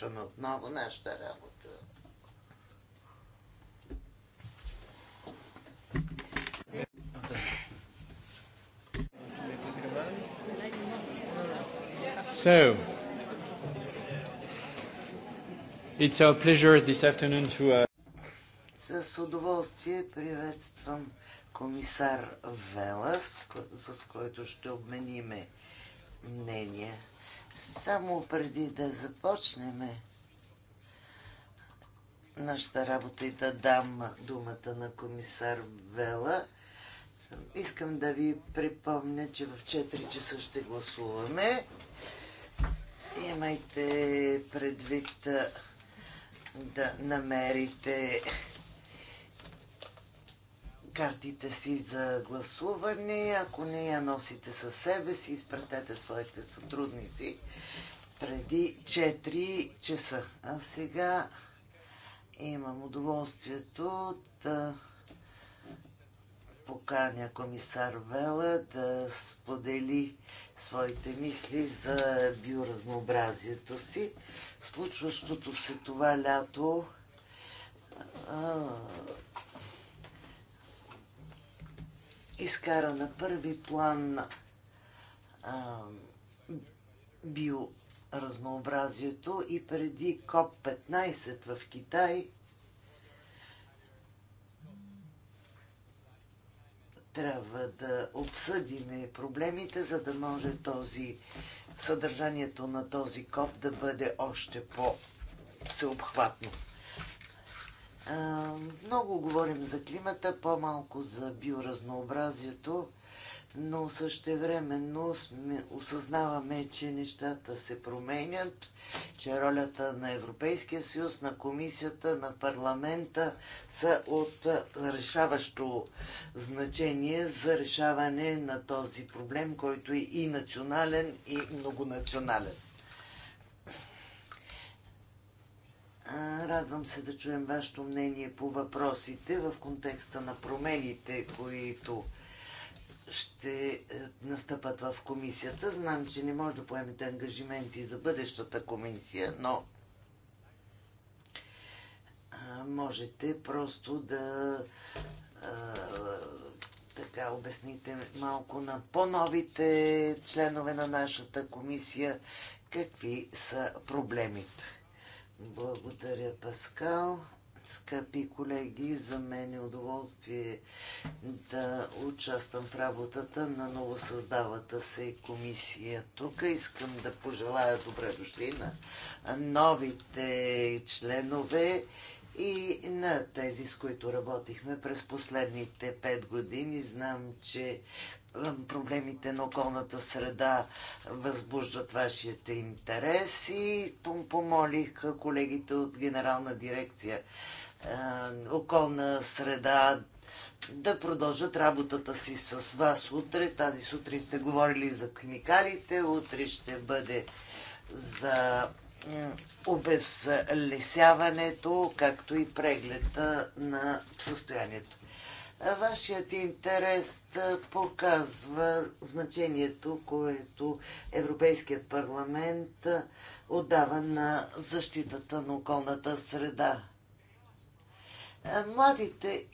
започваме отново нашата работа. So, it's our pleasure this afternoon to... Uh... С удоволствие приветствам комисар Велас, с който ще обмениме мнение. Само преди да започнем нашата работа и да дам думата на комисар Вела, искам да ви припомня, че в 4 часа ще гласуваме. Имайте предвид да намерите картите си за гласуване. Ако не я носите със себе си, изпратете своите сътрудници преди 4 часа. А сега имам удоволствието да поканя комисар Вела да сподели своите мисли за биоразнообразието си. Случващото се това лято изкара на първи план а, биоразнообразието и преди КОП-15 в Китай трябва да обсъдим проблемите, за да може този, съдържанието на този КОП да бъде още по-всеобхватно. Много говорим за климата, по-малко за биоразнообразието, но същевременно сме, осъзнаваме, че нещата се променят, че ролята на Европейския съюз, на комисията, на парламента са от решаващо значение за решаване на този проблем, който е и национален, и многонационален. Радвам се да чуем вашето мнение по въпросите в контекста на промените, които ще е, настъпат в комисията. Знам, че не може да поемете ангажименти за бъдещата комисия, но можете просто да така обясните малко на по-новите членове на нашата комисия какви са проблемите. Благодаря, Паскал. Скъпи колеги, за мен е удоволствие да участвам в работата на новосъздавата се комисия. Тук искам да пожелая добре дошли на новите членове и на тези, с които работихме през последните пет години. Знам, че проблемите на околната среда възбуждат вашите интереси. Помолих колегите от Генерална дирекция е, околна среда да продължат работата си с вас утре. Тази сутрин сте говорили за химикалите, утре ще бъде за е, обезлесяването, както и прегледа на състоянието. Вашият интерес показва значението, което Европейският парламент отдава на защитата на околната среда. Младите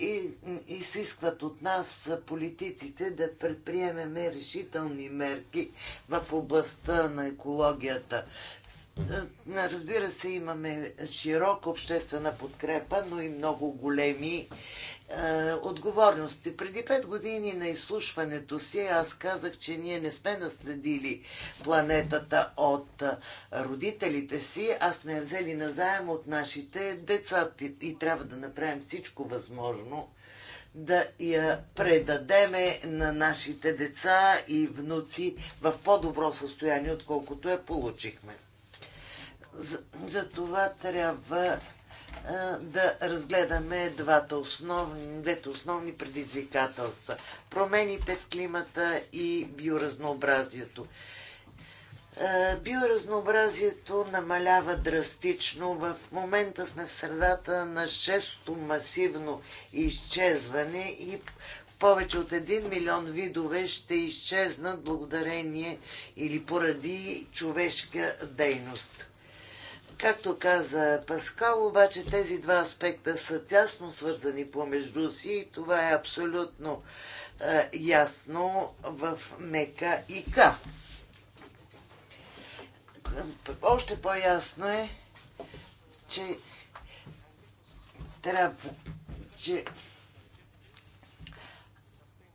изискват от нас, политиците, да предприемеме решителни мерки в областта на екологията. Разбира се, имаме широка обществена подкрепа, но и много големи е, отговорности. Преди пет години на изслушването си аз казах, че ние не сме наследили планетата от е, родителите си, а сме я взели назаем от нашите деца и трябва да направим всичко възможно да я предадеме на нашите деца и внуци в по-добро състояние, отколкото я получихме. За, за това трябва да разгледаме двата основни, двете основни предизвикателства промените в климата и биоразнообразието. Биоразнообразието намалява драстично. В момента сме в средата на шесто масивно изчезване и повече от 1 милион видове ще изчезнат благодарение или поради човешка дейност. Както каза Паскал, обаче тези два аспекта са тясно свързани помежду си и това е абсолютно е, ясно в МЕКА и К. Още по-ясно е, че трябва, че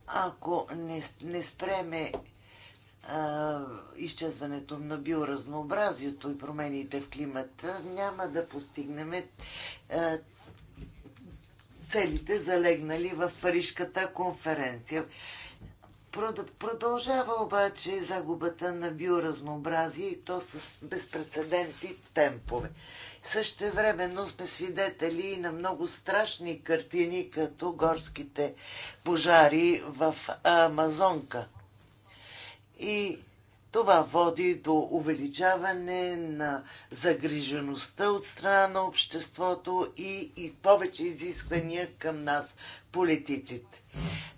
ако не, не спреме изчезването на биоразнообразието и промените в климата, няма да постигнем целите залегнали в Парижката конференция. Продължава обаче загубата на биоразнообразие и то с безпредседентни темпове. Същевременно сме свидетели на много страшни картини, като горските пожари в Амазонка – и това води до увеличаване на загрижеността от страна на обществото и, и повече изисквания към нас, политиците.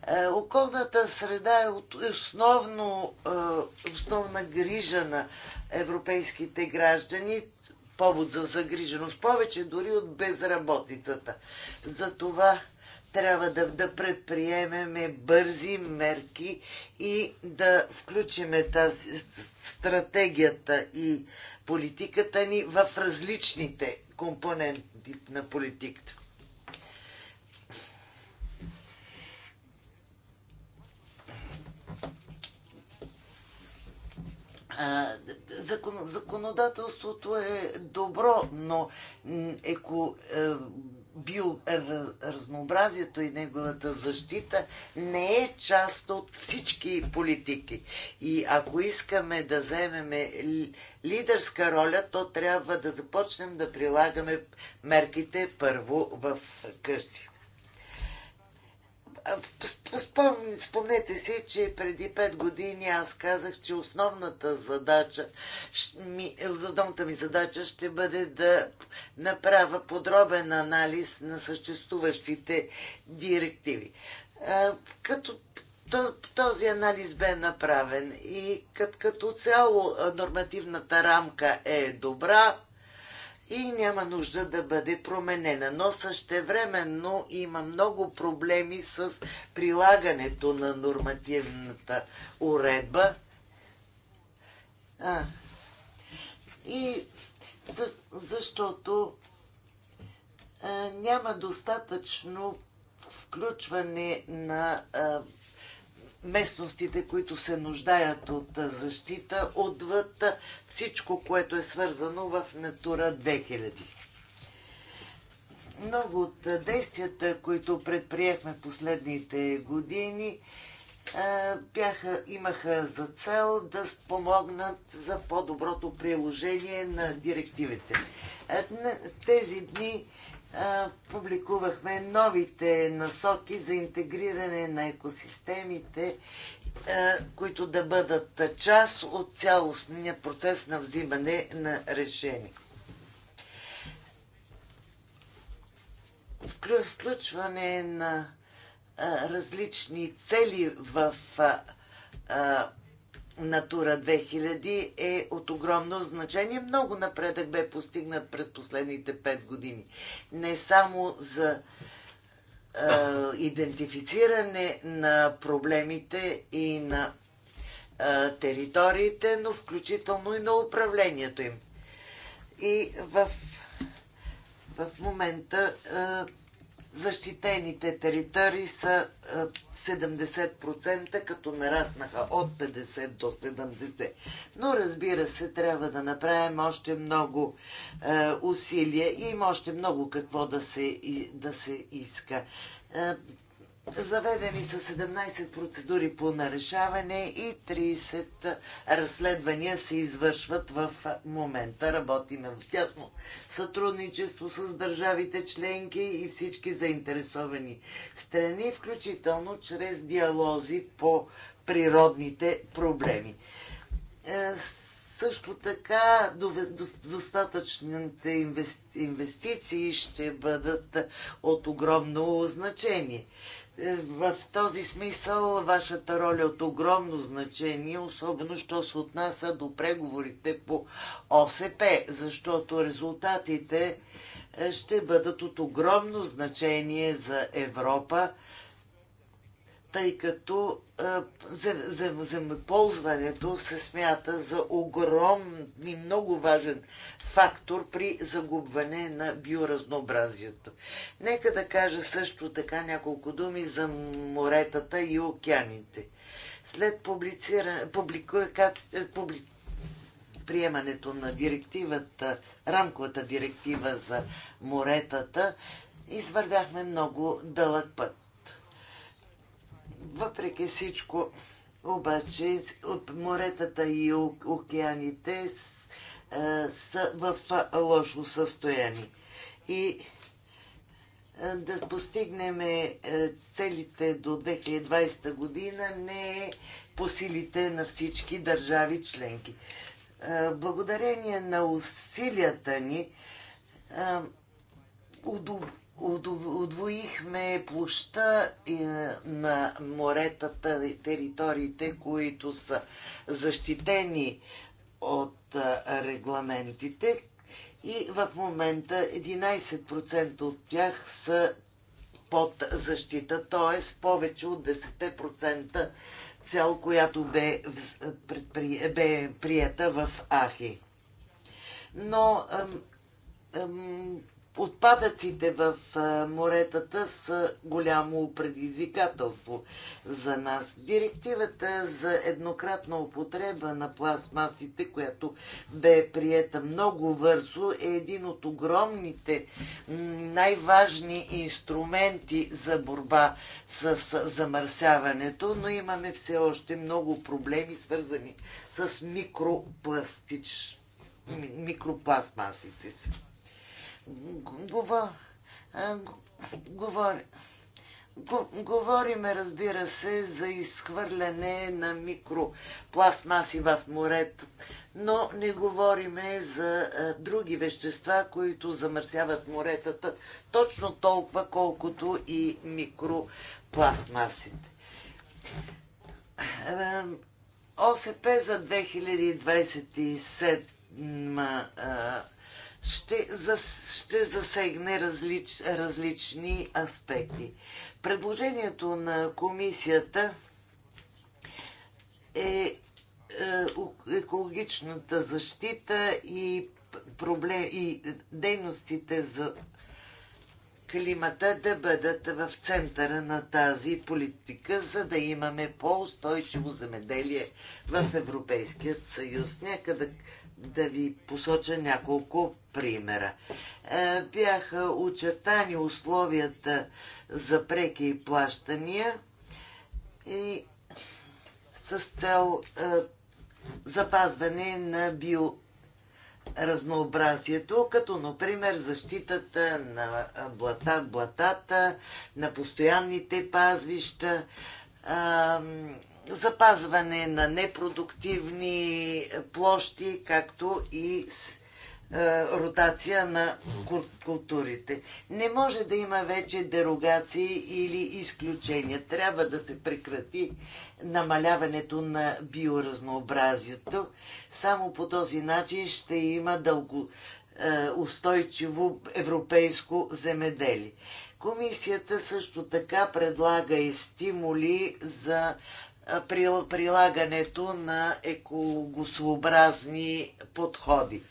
Е, околната среда е от основно, е, основна грижа на европейските граждани, повод за загриженост, повече дори от безработицата. Затова трябва да, да предприемеме бързи мерки и да включиме тази стратегията и политиката ни в различните компоненти на политиката. Закон, законодателството е добро, но еко, е, Биоразнообразието разнообразието и неговата защита не е част от всички политики. И ако искаме да вземеме лидерска роля, то трябва да започнем да прилагаме мерките първо в къщи спомнете си, че преди 5 години аз казах, че основната задача, ми, основната ми задача ще бъде да направя подробен анализ на съществуващите директиви. Като този анализ бе направен и като цяло нормативната рамка е добра, и няма нужда да бъде променена. Но същевременно има много проблеми с прилагането на нормативната уредба. А, и за, защото а, няма достатъчно включване на а, местностите, които се нуждаят от защита, отвъд всичко, което е свързано в Натура 2000. Много от действията, които предприехме последните години, бяха, имаха за цел да спомогнат за по-доброто приложение на директивите. Тези дни публикувахме новите насоки за интегриране на екосистемите, които да бъдат част от цялостния процес на взимане на решение. Включване на различни цели в Натура 2000 е от огромно значение. Много напредък бе постигнат през последните 5 години. Не само за е, идентифициране на проблемите и на е, териториите, но включително и на управлението им. И в, в момента е, защитените територии са 70%, е, като нараснаха от 50 до 70. Но разбира се, трябва да направим още много е, усилия и има още много какво да се, да се иска. Е, Заведени са 17 процедури по нарешаване и 30 разследвания се извършват в момента. Работиме в тясно сътрудничество с държавите членки и всички заинтересовани страни, включително чрез диалози по природните проблеми. Е, също така достатъчните инвестиции ще бъдат от огромно значение. Е, в този смисъл вашата роля е от огромно значение, особено що се отнася до преговорите по ОСП, защото резултатите е, ще бъдат от огромно значение за Европа, тъй като земеползването се смята за огромен и много важен фактор при загубване на биоразнообразието. Нека да кажа също така няколко думи за моретата и океаните. След приемането на директивата, рамковата директива за моретата, извървяхме много дълъг път въпреки всичко, обаче, от моретата и океаните е, са в лошо състояние. И е, да постигнем е, целите до 2020 година не е по силите на всички държави членки. Благодарение на усилията ни Удвоихме площа е, на моретата и териториите, които са защитени от е, регламентите и в момента 11% от тях са под защита, т.е. повече от 10% цял, която бе, бе прията в Ахи. Но ам, ам, Отпадъците в моретата са голямо предизвикателство за нас. Директивата за еднократна употреба на пластмасите, която бе приета много вързо, е един от огромните, най-важни инструменти за борба с замърсяването, но имаме все още много проблеми, свързани с микропластич... микропластмасите си говори, Говориме, разбира се, за изхвърляне на микропластмаси в морето, но не говориме за други вещества, които замърсяват моретата точно толкова, колкото и микропластмасите. ОСП за 2027 ще, зас, ще засегне различ, различни аспекти. Предложението на комисията е, е екологичната защита и, проблем, и дейностите за климата да бъдат в центъра на тази политика, за да имаме по-устойчиво земеделие в Европейският съюз. Някъде да ви посоча няколко примера. Е, бяха очертани условията за преки плащания и с цел е, запазване на биоразнообразието, като например защитата на блата, блатата, на постоянните пазвища, запазване на непродуктивни площи, както и е, ротация на културите. Не може да има вече дерогации или изключения. Трябва да се прекрати намаляването на биоразнообразието. Само по този начин ще има дълго е, устойчиво европейско земеделие. Комисията също така предлага и стимули за прилагането на екологосообразни подходи.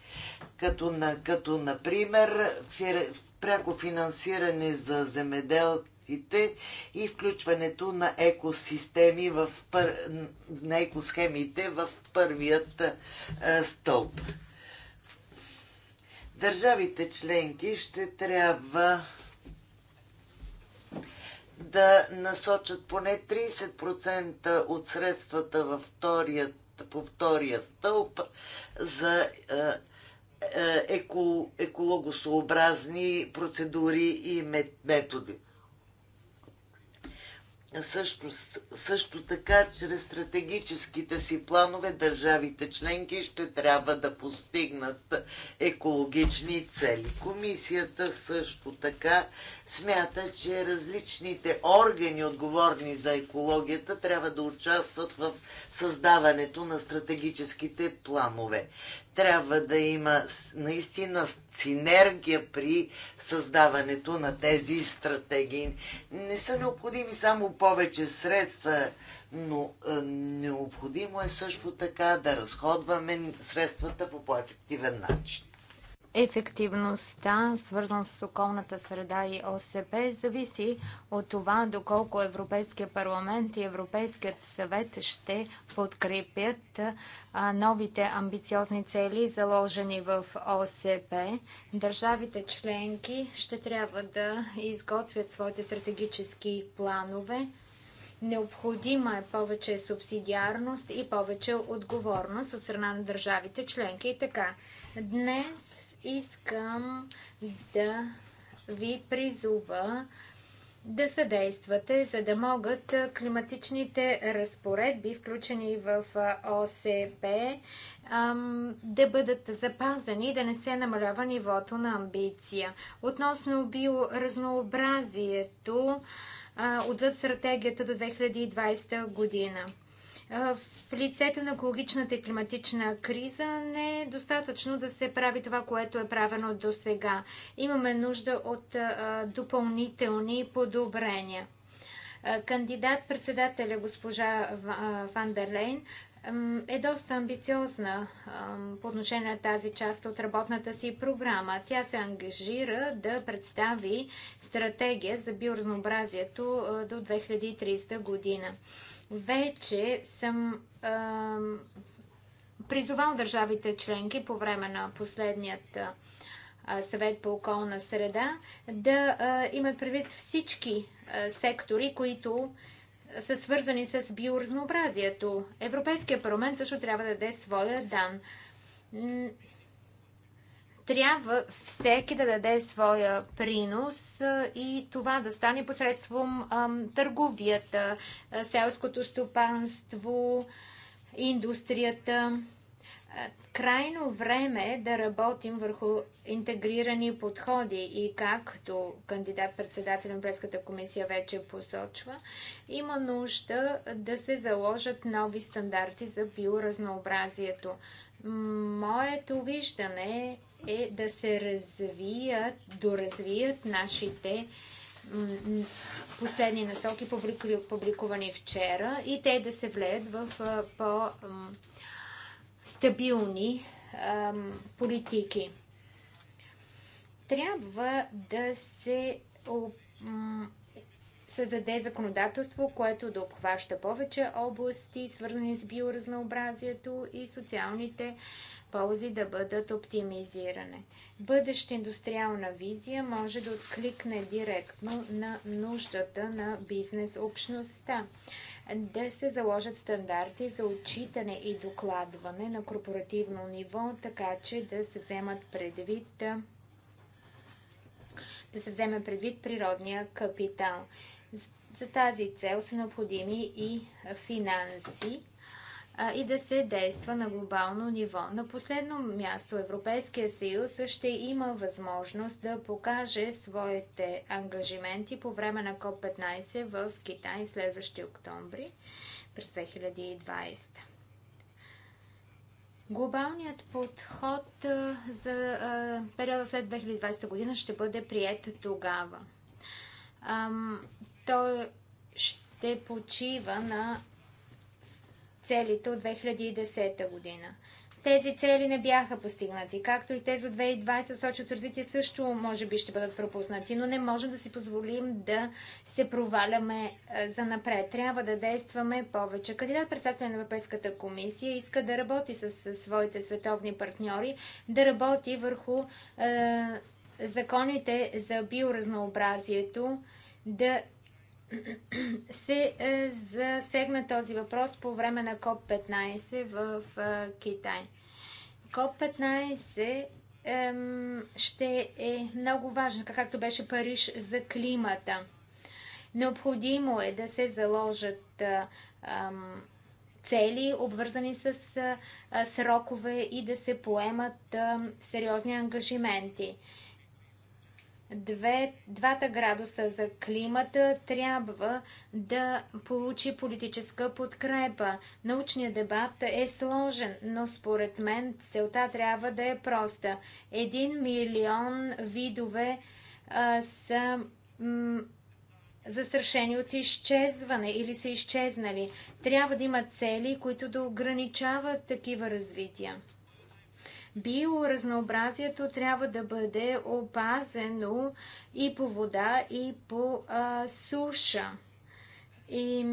Като, на, като например, фир, пряко финансиране за земеделците и включването на екосистеми в пър, на екосхемите в първият а, стълб. Държавите членки ще трябва да насочат поне 30% от средствата във втория, по втория стълб за е, е, еко, екологосообразни процедури и методи също, също така, чрез стратегическите си планове, държавите членки ще трябва да постигнат екологични цели. Комисията също така смята, че различните органи, отговорни за екологията, трябва да участват в създаването на стратегическите планове трябва да има наистина синергия при създаването на тези стратегии. Не са необходими само повече средства, но е, необходимо е също така да разходваме средствата по по-ефективен начин. Ефективността, свързана с околната среда и ОСП, зависи от това доколко Европейския парламент и Европейският съвет ще подкрепят новите амбициозни цели, заложени в ОСП. Държавите членки ще трябва да изготвят своите стратегически планове. Необходима е повече субсидиарност и повече отговорност от страна на държавите членки и така. Днес искам да ви призова да съдействате, за да могат климатичните разпоредби, включени в ОСП, да бъдат запазени и да не се намалява нивото на амбиция. Относно биоразнообразието, отвъд стратегията до 2020 година в лицето на екологичната и климатична криза не е достатъчно да се прави това, което е правено до сега. Имаме нужда от допълнителни подобрения. Кандидат-председателя госпожа Лейн е доста амбициозна по отношение на тази част от работната си програма. Тя се ангажира да представи стратегия за биоразнообразието до 2030 година. Вече съм призовал държавите членки по време на последният съвет по околна среда да имат предвид всички сектори, които са свързани с биоразнообразието. Европейския парламент също трябва да даде своя дан трябва всеки да даде своя принос и това да стане посредством търговията, селското стопанство, индустрията. Крайно време е да работим върху интегрирани подходи и както кандидат-председател на Брестската комисия вече посочва, има нужда да се заложат нови стандарти за биоразнообразието. Моето виждане е, е да се развият, доразвият нашите последни насоки, публикувани вчера, и те да се влеят в по-стабилни политики. Трябва да се създаде законодателство, което да обхваща повече области, свързани с биоразнообразието и социалните ползи да бъдат оптимизирани. Бъдеща индустриална визия може да откликне директно на нуждата на бизнес общността да се заложат стандарти за отчитане и докладване на корпоративно ниво, така че да се вземат предвид да се вземе предвид природния капитал. За тази цел са необходими и финанси и да се действа на глобално ниво. На последно място Европейския съюз ще има възможност да покаже своите ангажименти по време на КОП-15 в Китай следващи октомври през 2020. Глобалният подход за периода след 2020 година ще бъде прият тогава той ще почива на целите от 2010 година. Тези цели не бяха постигнати, както и тези от 2020 сочат развитие също може би ще бъдат пропуснати, но не можем да си позволим да се проваляме е, за напред. Трябва да действаме повече. Кандидат председател на Европейската комисия иска да работи с, с своите световни партньори, да работи върху е, законите за биоразнообразието, да се е, засегна този въпрос по време на КОП-15 в е, Китай. КОП-15 ще е много важен, както беше Париж за климата. Необходимо е да се заложат е, цели, обвързани с срокове и да се поемат сериозни ангажименти две, двата градуса за климата трябва да получи политическа подкрепа. Научният дебат е сложен, но според мен целта трябва да е проста. Един милион видове а, са застрашени от изчезване или са изчезнали. Трябва да има цели, които да ограничават такива развития. Биоразнообразието трябва да бъде опазено и по вода, и по а, суша. И,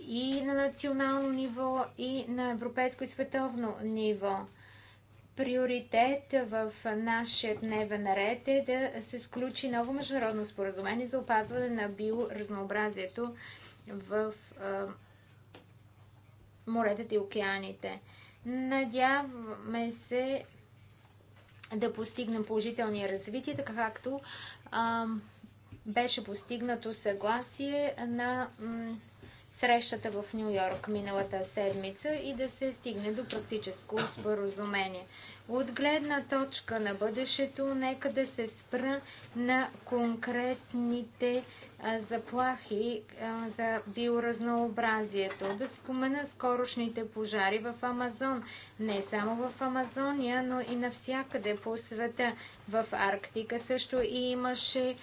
и на национално ниво, и на европейско и световно ниво. Приоритет в нашия дневен ред е да се сключи ново международно споразумение за опазване на биоразнообразието в а, моретата и океаните. Надяваме се да постигнем положителни развития, така както беше постигнато съгласие на срещата в Нью Йорк миналата седмица и да се стигне до практическо споразумение. От гледна точка на бъдещето, нека да се спра на конкретните заплахи за биоразнообразието. Да спомена скорошните пожари в Амазон. Не само в Амазония, но и навсякъде по света. В Арктика също и имаше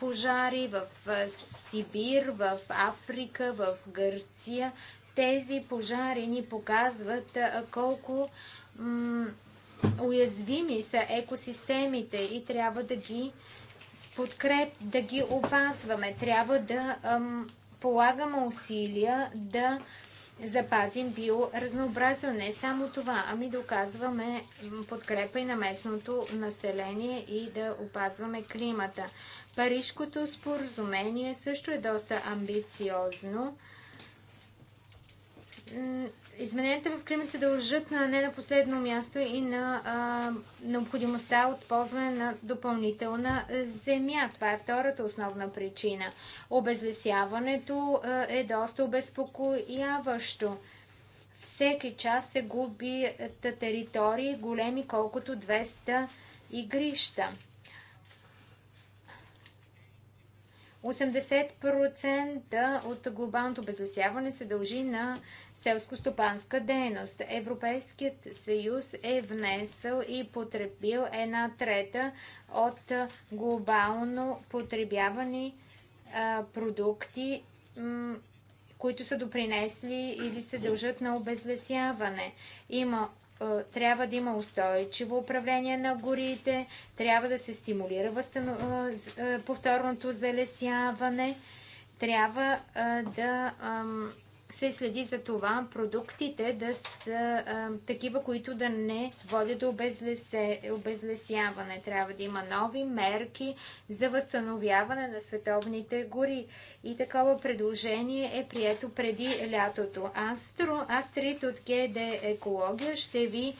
пожари в Сибир, в Африка, в Гърция. Тези пожари ни показват колко уязвими са екосистемите и трябва да ги подкреп, да ги опазваме. Трябва да полагаме усилия да запазим биоразнообразие. Не само това, ами да оказваме подкрепа и на местното население и да опазваме климата. Парижкото споразумение също е доста амбициозно. Измененията в климат се дължат на не на последно място и на а, необходимостта от ползване на допълнителна е, земя. Това е втората основна причина. Обезлесяването а, е, е доста обезпокояващо. Всеки час се губи е, територии големи колкото 200 игрища. 80% от глобалното безлесяване се дължи на селскостопанска стопанска дейност. Европейският съюз е внесъл и потребил една трета от глобално потребявани а, продукти, които са допринесли или се дължат на обезлесяване. Има трябва да има устойчиво управление на горите, трябва да се стимулира възстанов... повторното залесяване, трябва да ам, се следи за това продуктите да са а, такива, които да не водят до обезлесяване. Трябва да има нови мерки за възстановяване на световните гори. И такова предложение е прието преди лятото. Астро, Астрит от ГД Екология ще ви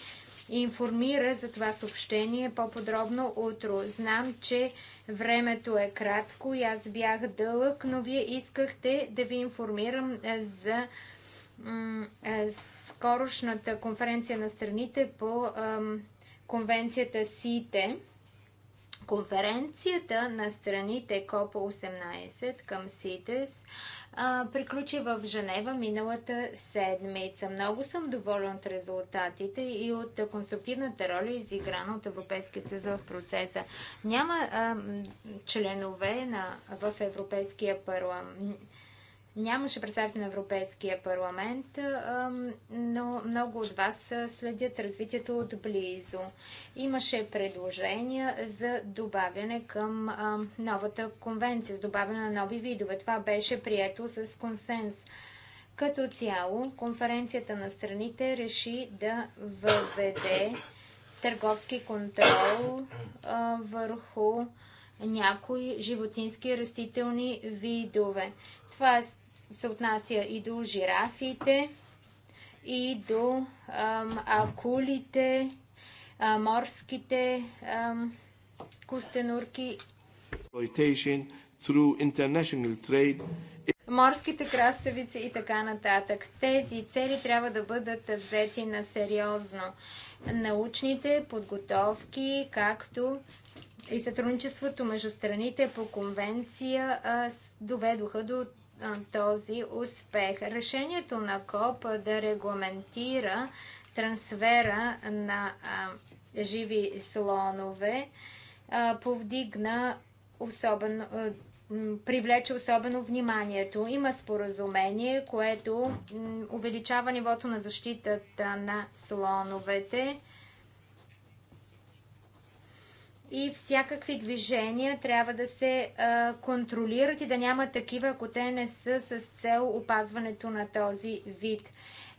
информира за това съобщение по-подробно утро. Знам, че времето е кратко и аз бях дълъг, но вие искахте да ви информирам е, за е, скорошната конференция на страните по конвенцията СИТЕ. Конференцията на страните КОПА 18 към СИТЕС – а, приключи в Женева миналата седмица. Много съм доволен от резултатите и от конструктивната роля, изиграна от Европейския съюз в процеса. Няма а, членове на, в Европейския парламент Нямаше представител на Европейския парламент, но много от вас следят развитието отблизо. Имаше предложения за добавяне към новата конвенция, с добавяне на нови видове. Това беше прието с консенс. Като цяло, конференцията на страните реши да въведе търговски контрол върху някои животински растителни видове. Това е се отнася и до жирафите, и до ам, акулите, а, морските ам, костенурки. Морските краставици и така нататък. Тези цели трябва да бъдат взети на сериозно. Научните подготовки, както и сътрудничеството между страните по конвенция доведоха до този успех. Решението на КОП да регламентира трансфера на живи слонове повдигна особено, привлече особено вниманието. Има споразумение, което увеличава нивото на защитата на слоновете и всякакви движения трябва да се а, контролират и да няма такива, ако те не са с цел опазването на този вид.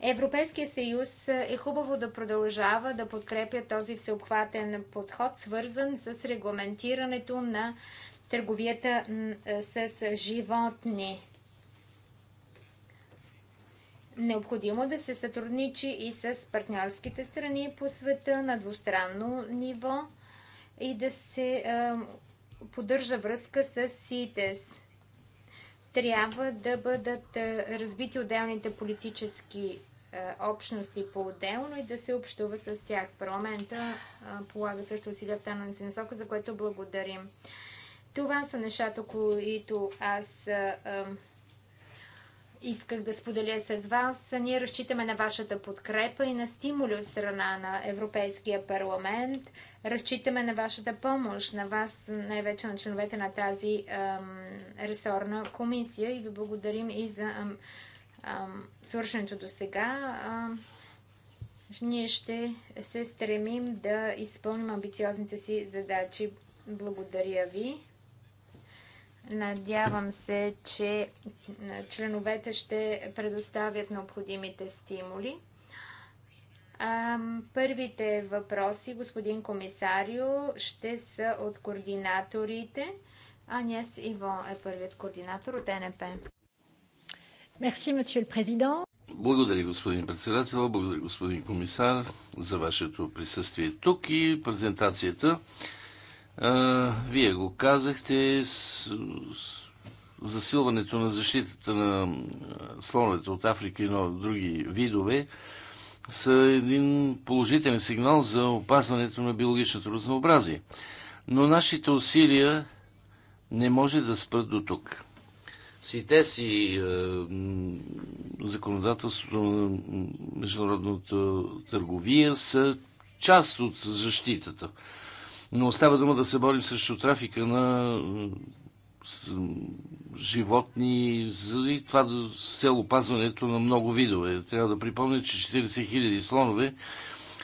Европейския съюз е хубаво да продължава да подкрепя този всеобхватен подход, свързан с регламентирането на търговията с животни. Необходимо да се сътрудничи и с партньорските страни по света на двустранно ниво – и да се а, поддържа връзка с СИТЕС. Трябва да бъдат а, разбити отделните политически а, общности по-отделно и да се общува с тях. Парламента полага също усилия в тази насока, за което благодарим. Това са нещата, които аз исках да споделя с вас. Ние разчитаме на вашата подкрепа и на стимули от страна на Европейския парламент. Разчитаме на вашата помощ, на вас, най-вече на членовете на тази ам, ресорна комисия и ви благодарим и за ам, ам, свършенето до сега. ние ще се стремим да изпълним амбициозните си задачи. Благодаря ви. Надявам се, че членовете ще предоставят необходимите стимули. Първите въпроси, господин комисарио, ще са от координаторите. Анес Иво е първият координатор от НП. Мерси, месье президент. Благодаря, господин председател, благодаря, господин комисар, за вашето присъствие тук и презентацията. А, вие го казахте, с, с, засилването на защитата на слоновете от Африка и на други видове са един положителен сигнал за опазването на биологичното разнообразие. Но нашите усилия не може да спрат до тук. СИТЕС и е, законодателството на международната търговия са част от защитата. Но остава дума да се борим срещу трафика на животни и това с цел опазването на много видове. Трябва да припомня, че 40 000 слонове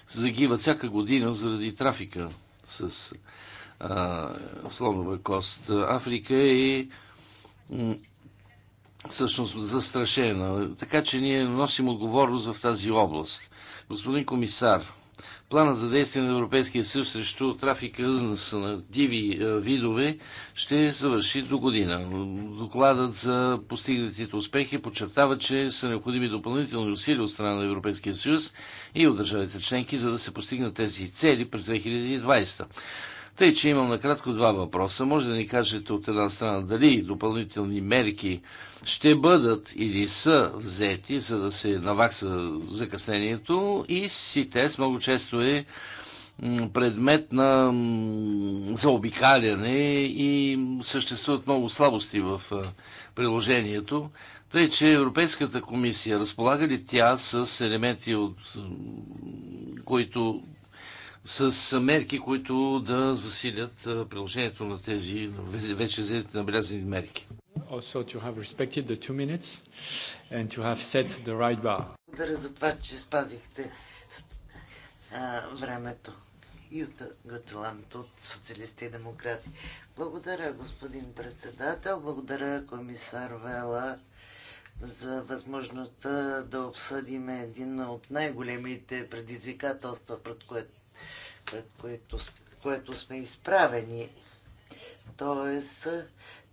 загиват всяка година заради трафика с а, слонова кост. Африка е всъщност застрашена. Така че ние носим отговорност в тази област. Господин комисар, Планът за действие на Европейския съюз срещу трафика на диви е, видове ще завърши до година. Докладът за постигнатите успехи подчертава, че са необходими допълнителни усилия от страна на Европейския съюз и от държавите членки, за да се постигнат тези цели през 2020. Тъй, че имам накратко два въпроса. Може да ни кажете от една страна дали допълнителни мерки ще бъдат или са взети, за да се навакса закъснението и СИТЕС много често е предмет на заобикаляне и съществуват много слабости в приложението. Тъй, че Европейската комисия разполага ли тя с елементи, от които с мерки, които да засилят приложението на тези вече взетите набелязани мерки. Благодаря за това, че спазихте а, времето. Юта Гателант от Социалисти и Демократи. Благодаря, господин председател. Благодаря, комисар Вела, за възможността да обсъдим един от най-големите предизвикателства, пред което пред което, което сме изправени. Тоест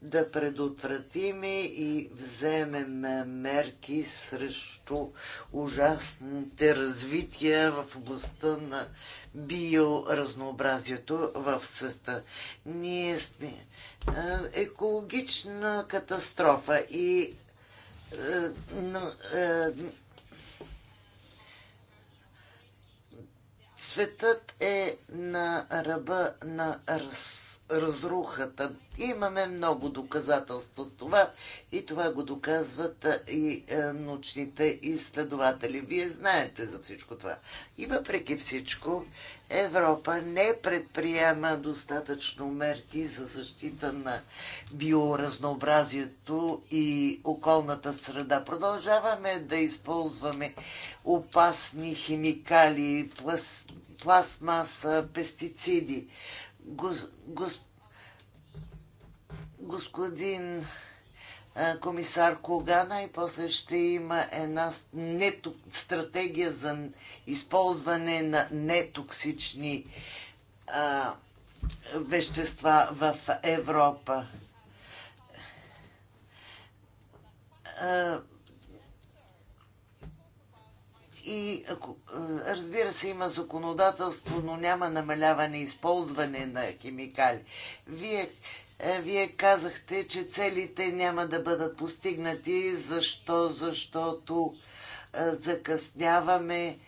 да предотвратим и вземем мерки срещу ужасните развития в областта на биоразнообразието в съста. Ние сме екологична катастрофа и Светът е на ръба на раз разрухата. Имаме много доказателства това и това го доказват и научните изследователи. Вие знаете за всичко това. И въпреки всичко, Европа не предприема достатъчно мерки за защита на биоразнообразието и околната среда. Продължаваме да използваме опасни химикали, пластмаса, пестициди гос, гос, господин комисар Когана, и после ще има една нетук... стратегия за използване на нетоксични а, вещества в Европа. А, и е, разбира се, има законодателство, но няма намаляване използване на химикали. Вие, е, вие казахте, че целите няма да бъдат постигнати. Защо? Защото е, закъсняваме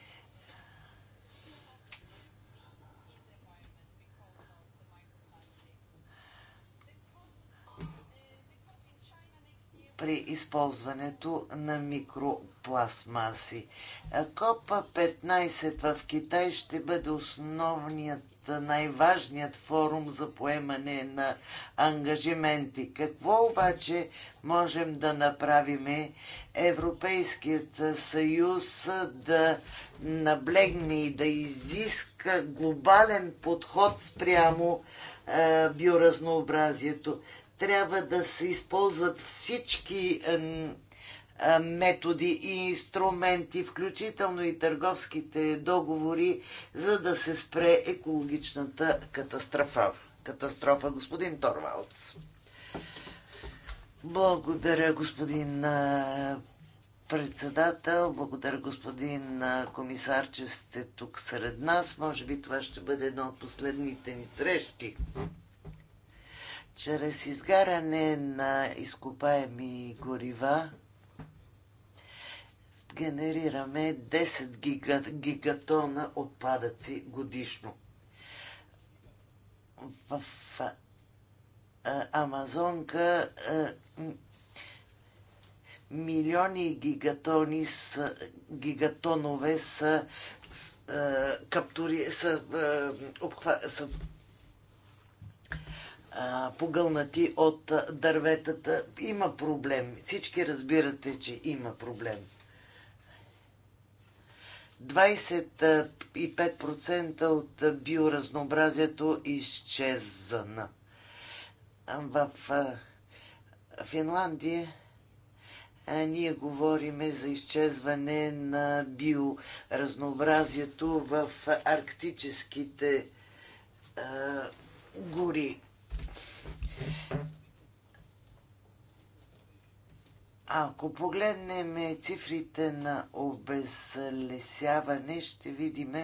при използването на микропластмаси. Копа 15 в Китай ще бъде основният най-важният форум за поемане на ангажименти. Какво обаче можем да направим Европейският съюз да наблегне и да изиска глобален подход спрямо е, биоразнообразието? трябва да се използват всички методи и инструменти, включително и търговските договори, за да се спре екологичната катастрофа. Катастрофа, господин Торвалц. Благодаря, господин е, председател. Благодаря, господин е, комисар, че сте тук сред нас. Може би това ще бъде едно от последните ни срещи чрез изгаране на изкопаеми горива генерираме 10 гига, гигатона отпадъци годишно. В а, Амазонка а, милиони гигатони с, гигатонове са, с, а, каптури, са, а, обхва, са а, погълнати от дърветата. Има проблем. Всички разбирате, че има проблем. 25% от биоразнообразието изчезна. В Финландия ние говориме за изчезване на биоразнообразието в арктическите гори. Ако погледнем цифрите на обезлесяване, ще видим,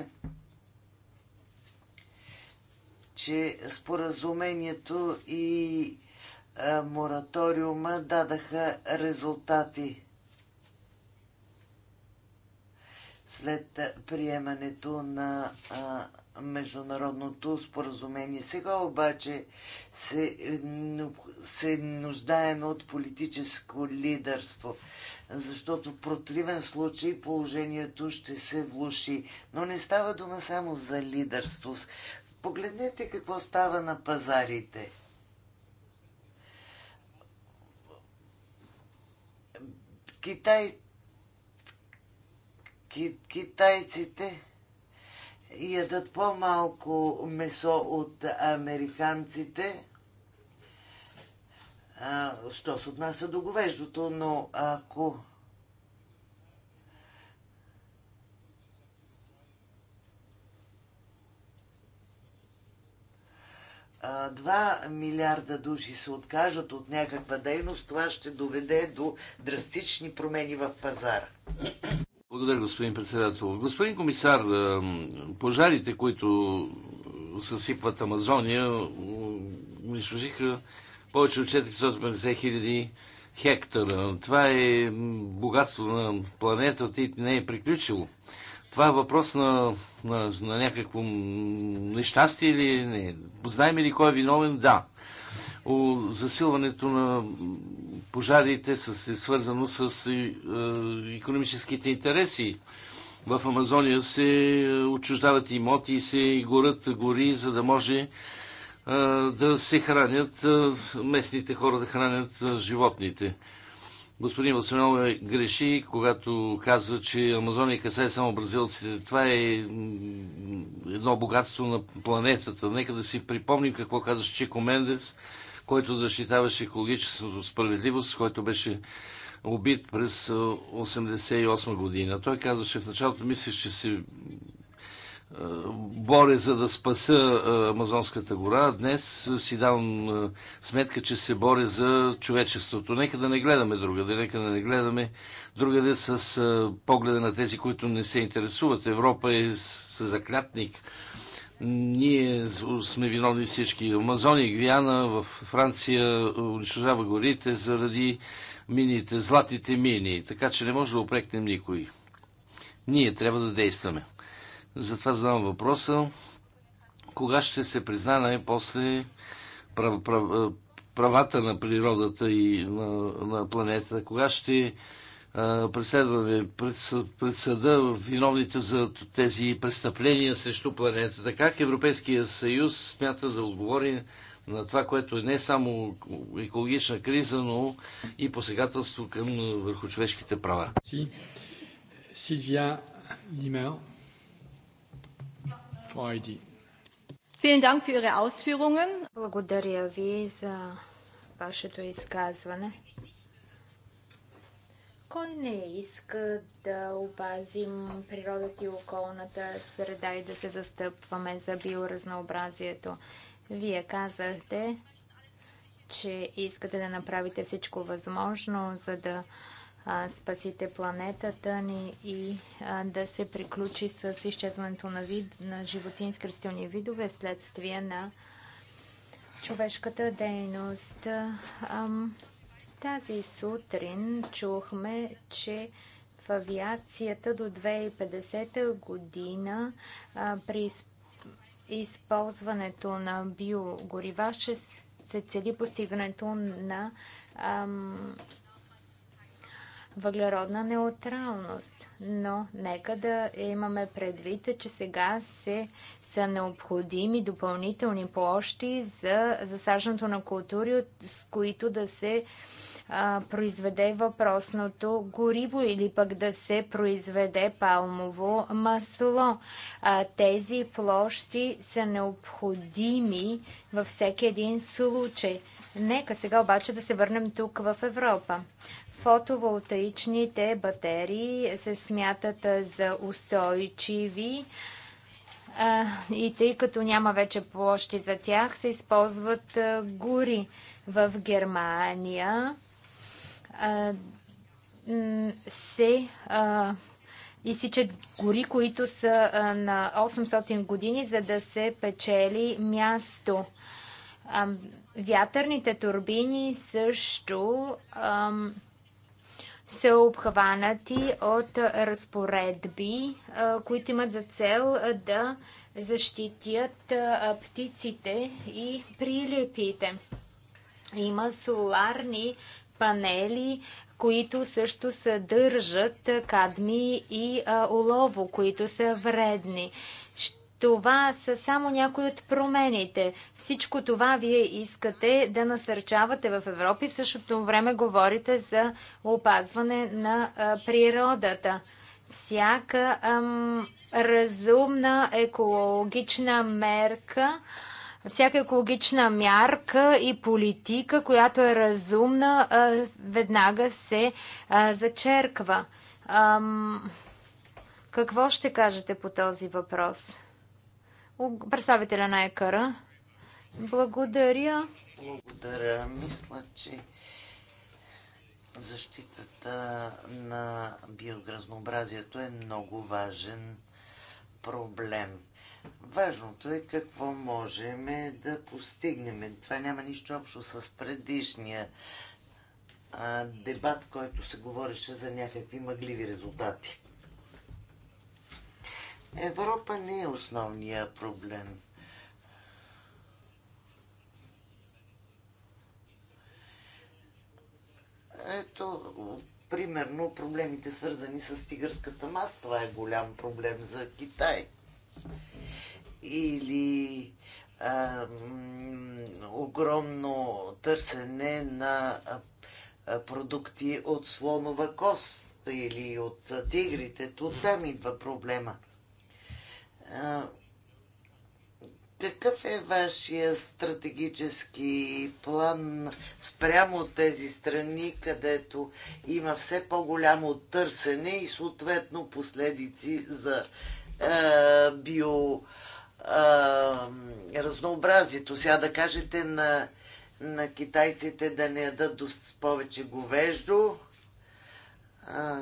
че споразумението и мораториума дадаха резултати след приемането на международното споразумение. Сега обаче се, се нуждаеме от политическо лидерство, защото в противен случай положението ще се влуши. Но не става дума само за лидерство. Погледнете какво става на пазарите. Китай... Китайците ядат по-малко месо от американците, а, що се отнася до говеждото, но ако а, 2 милиарда души се откажат от някаква дейност, това ще доведе до драстични промени в пазара. Благодаря, господин председател. Господин комисар, пожарите, които съсипват Амазония, унищожиха повече от 450 хиляди хектара. Това е богатство на планетата и не е приключило. Това е въпрос на, на, на някакво нещастие или е, не? Знаем ли кой е виновен? Да засилването на пожарите е свързано с економическите е, интереси. В Амазония се е, отчуждават имоти и се горят гори, за да може е, да се хранят местните хора, да хранят животните. Господин Васенов греши, когато казва, че Амазония касае само бразилците. Това е едно богатство на планетата. Нека да си припомним какво казваше Чико Мендес – който защитаваше екологическото справедливост, който беше убит през 1988 година. Той казваше в началото, мислиш, че се боря за да спаса Амазонската гора, днес си давам сметка, че се боря за човечеството. Нека да не гледаме другаде, нека да не гледаме другаде с погледа на тези, които не се интересуват. Европа е съзаклятник ние сме виновни всички. Амазония, Гвиана, в Франция е, унищожава горите заради мините, златите мини. Така че не може да опрекнем никой. Ние трябва да действаме. Затова задавам въпроса. Кога ще се признае най-после прав, прав, е, правата на природата и на, на планета? Кога ще преследваме пред, пред съда виновните за тези престъпления срещу планетата. Как Европейския съюз смята да отговори на това, което е не само екологична криза, но и посегателство към върху човешките права? Силвия Лимел. Благодаря ви за вашето изказване. Кой не иска да опазим природата и околната среда и да се застъпваме за биоразнообразието? Вие казахте, че искате да направите всичко възможно, за да спасите планетата ни и да се приключи с изчезването на, вид, на животински растителни видове следствие на човешката дейност. Ам, тази сутрин чухме, че в авиацията до 2050 година при използването на биогорива ще се цели постигането на ам, въглеродна неутралност. Но нека да имаме предвид, че сега се, са необходими допълнителни площи за засаждането на култури, с които да се а, произведе въпросното гориво или пък да се произведе палмово масло. А, тези площи са необходими във всеки един случай. Нека сега обаче да се върнем тук в Европа. Фотоволтаичните батерии се смятат за устойчиви и тъй като няма вече площи за тях, се използват гори в Германия се изсичат гори, които са на 800 години, за да се печели място. Вятърните турбини също са обхванати от разпоредби, които имат за цел да защитят птиците и прилепите. Има соларни панели, които също съдържат кадми и олово, които са вредни. Това са само някои от промените. Всичко това вие искате да насърчавате в Европа и в същото време говорите за опазване на природата. Всяка ам, разумна екологична мерка всяка екологична мярка и политика, която е разумна, веднага се зачерква. Какво ще кажете по този въпрос? Представителя на ЕКАРА. Благодаря. Благодаря. Мисля, че защитата на биогразнообразието е много важен проблем Важното е какво можем да постигнем. Това няма нищо общо с предишния а, дебат, който се говореше за някакви мъгливи резултати. Европа не е основния проблем. Ето, примерно, проблемите свързани с тигърската маса, това е голям проблем за Китай – или а, огромно търсене на продукти от слонова кост или от тигрите. там идва проблема. А, какъв е вашия стратегически план спрямо от тези страни, където има все по-голямо търсене и съответно последици за е, био е, разнообразието. Сега да кажете на, на китайците да не ядат повече говеждо. А,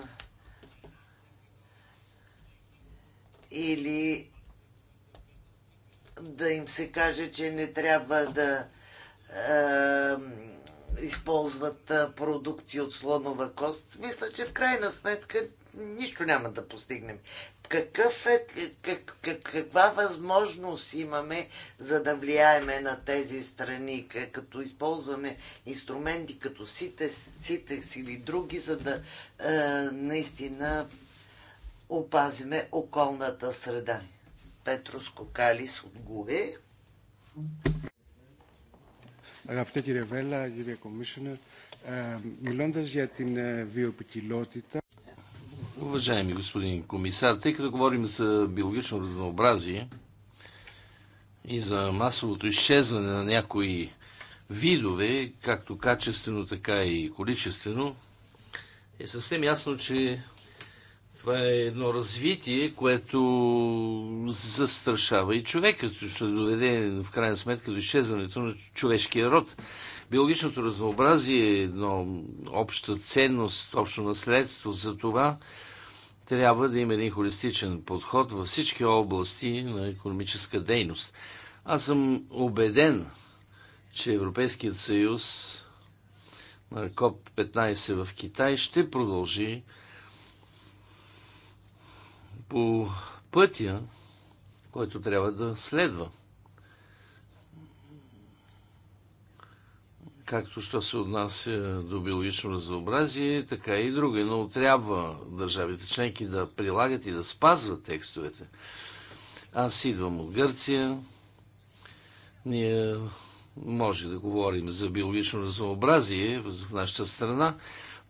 или да им се каже, че не трябва да е, използват е, продукти от слонова кост. Мисля, че в крайна сметка нищо няма да постигнем какъв е, как, как, каква възможност имаме за да влияеме на тези страни, като използваме инструменти като СИТЕС, СИТЕКС или други, за да е, наистина опазиме околната среда. Петро Кокалис от ГУЕ. Αγαπητέ κύριε Βέλα, κύριε Κομίσιονερ, μιλώντας για την βιοποικιλότητα, Уважаеми господин комисар, тъй като говорим за биологично разнообразие и за масовото изчезване на някои видове, както качествено, така и количествено, е съвсем ясно, че това е едно развитие, което застрашава и човека, ще доведе в крайна сметка до изчезването на човешкия род. Биологичното разнообразие е едно обща ценност, общо наследство за това трябва да има един холистичен подход във всички области на економическа дейност. Аз съм убеден, че Европейският съюз на КОП-15 в Китай ще продължи по пътя, който трябва да следва. както що се отнася до биологично разнообразие, така и други. Но трябва държавите членки да прилагат и да спазват текстовете. Аз идвам от Гърция. Ние може да говорим за биологично разнообразие в нашата страна,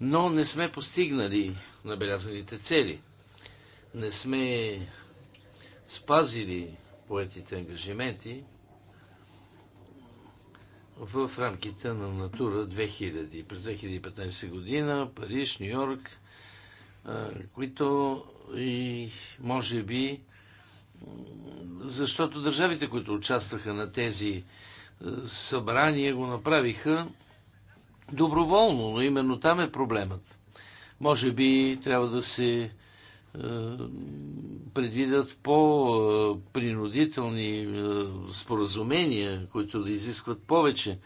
но не сме постигнали набелязаните цели. Не сме спазили поетите ангажименти в рамките на Натура 2000. През 2015 година Париж, Нью Йорк, които и може би защото държавите, които участваха на тези събрания, го направиха доброволно, но именно там е проблемът. Може би трябва да се е, предвидят по-принудителни е, споразумения, които да изискват повече.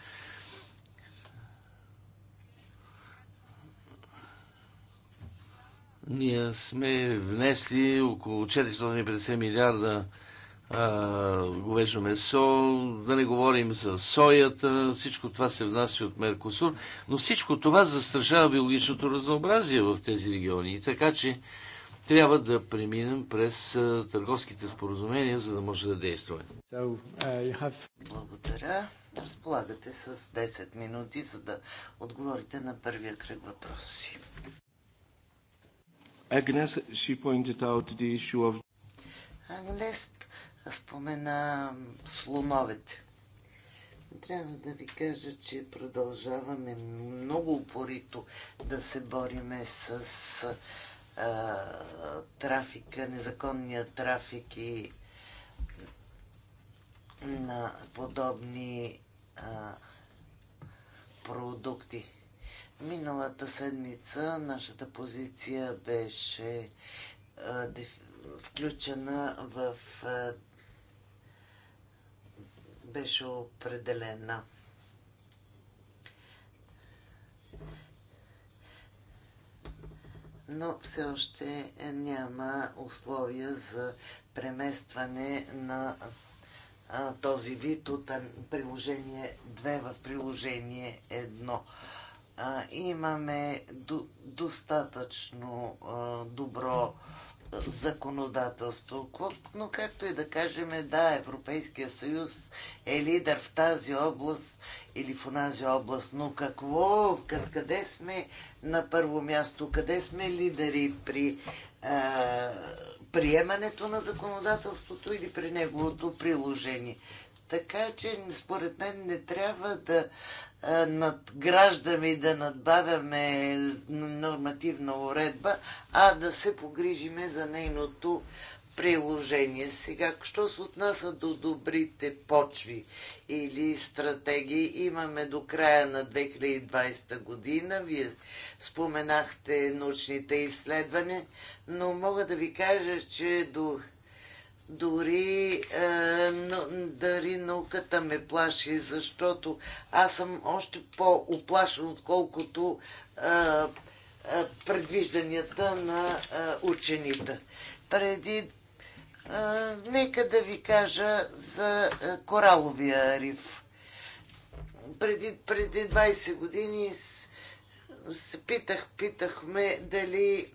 Ние сме внесли около 450 милиарда говеждо месо, да не говорим за соята, всичко това се внася от Меркосур, но всичко това застрашава биологичното разнообразие в тези региони. И така че трябва да преминем през търговските споразумения, за да може да действаме. So, uh, have... Благодаря. Разполагате с 10 минути, за да отговорите на първия кръг въпроси. Агнес, she pointed out the issue of... Агнес спомена слоновете. Трябва да ви кажа, че продължаваме много упорито да се бориме с а, трафика, незаконния трафик и на подобни а, продукти. Миналата седмица нашата позиция беше а, деф... включена в. А, беше определена. но все още няма условия за преместване на този вид от приложение 2 в приложение 1. Имаме достатъчно добро законодателство. Но както и да кажем, да, Европейския съюз е лидер в тази област или в онази област, но какво, къде сме на първо място, къде сме лидери при а, приемането на законодателството или при неговото приложение? Така че, според мен, не трябва да надграждаме и да надбавяме нормативна уредба, а да се погрижиме за нейното приложение. Сега, що се отнася до добрите почви или стратегии, имаме до края на 2020 година. Вие споменахте научните изследвания, но мога да ви кажа, че до дори, е, дари науката ме плаши, защото аз съм още по-оплашен, отколкото е, е, предвижданията на е, учените. Преди, е, нека да ви кажа за е, кораловия риф. Преди, преди 20 години се питах, питахме дали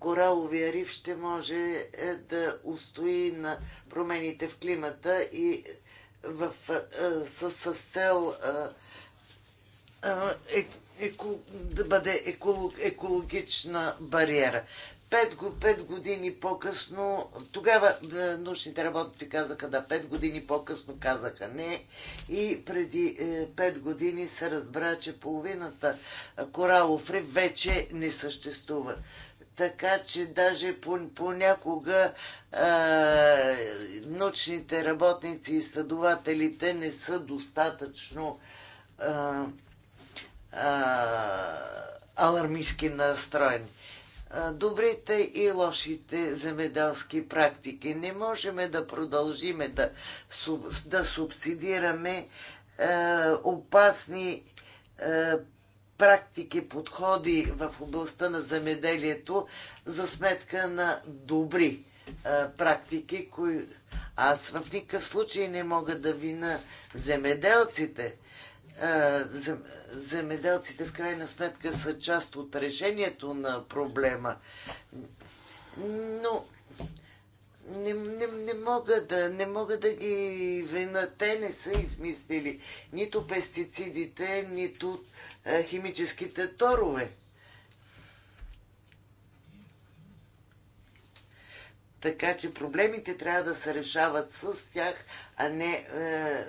кораловия риф ще може е, да устои на промените в климата и е, в, е, с, с цел е, е, да бъде еколог, екологична бариера. Пет, пет години по-късно, тогава научните работници казаха да, пет години по-късно казаха не. И преди пет години се разбра, че половината коралов риф вече не съществува така че даже понякога научните работници и следователите не са достатъчно а, а, алармистски настроени. Добрите и лошите земеделски практики. Не можем да продължиме да, да субсидираме опасни е, практики, подходи в областта на земеделието за сметка на добри а, е, практики, кои... аз в никакъв случай не мога да вина земеделците. А, е, Земеделците в крайна сметка са част от решението на проблема. Но не, не, не, мога да, не мога да ги вина. Те не са измислили нито пестицидите, нито а, е, химическите торове. Така че проблемите трябва да се решават с тях, а не е,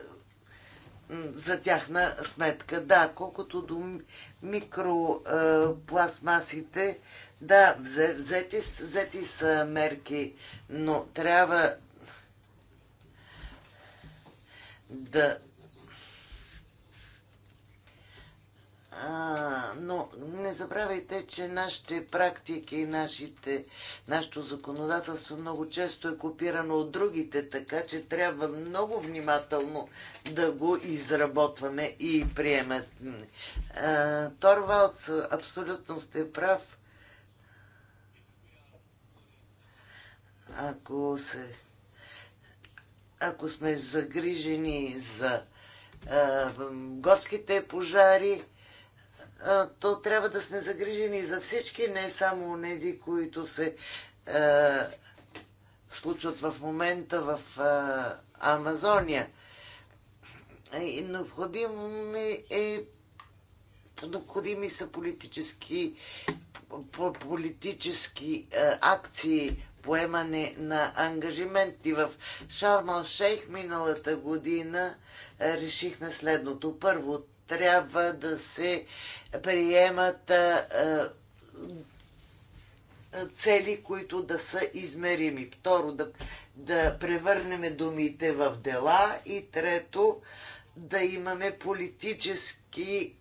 за тяхна сметка. Да, колкото до микропластмасите, е, да, взети, взети са мерки, но трябва да. А, но не забравяйте, че нашите практики и нашите, нашето законодателство много често е копирано от другите, така че трябва много внимателно да го изработваме и приемат. Торвалц, абсолютно сте прав ако се ако сме загрижени за а, горските пожари, а, то трябва да сме загрижени за всички, не само тези, които се а, случват в момента в а, Амазония. И необходим е, необходими са политически политически а, акции поемане на ангажименти. В Шармал Шейх миналата година е, решихме следното. Първо, трябва да се приемат е, е, цели, които да са измерими. Второ, да, да превърнем думите в дела. И трето, да имаме политически,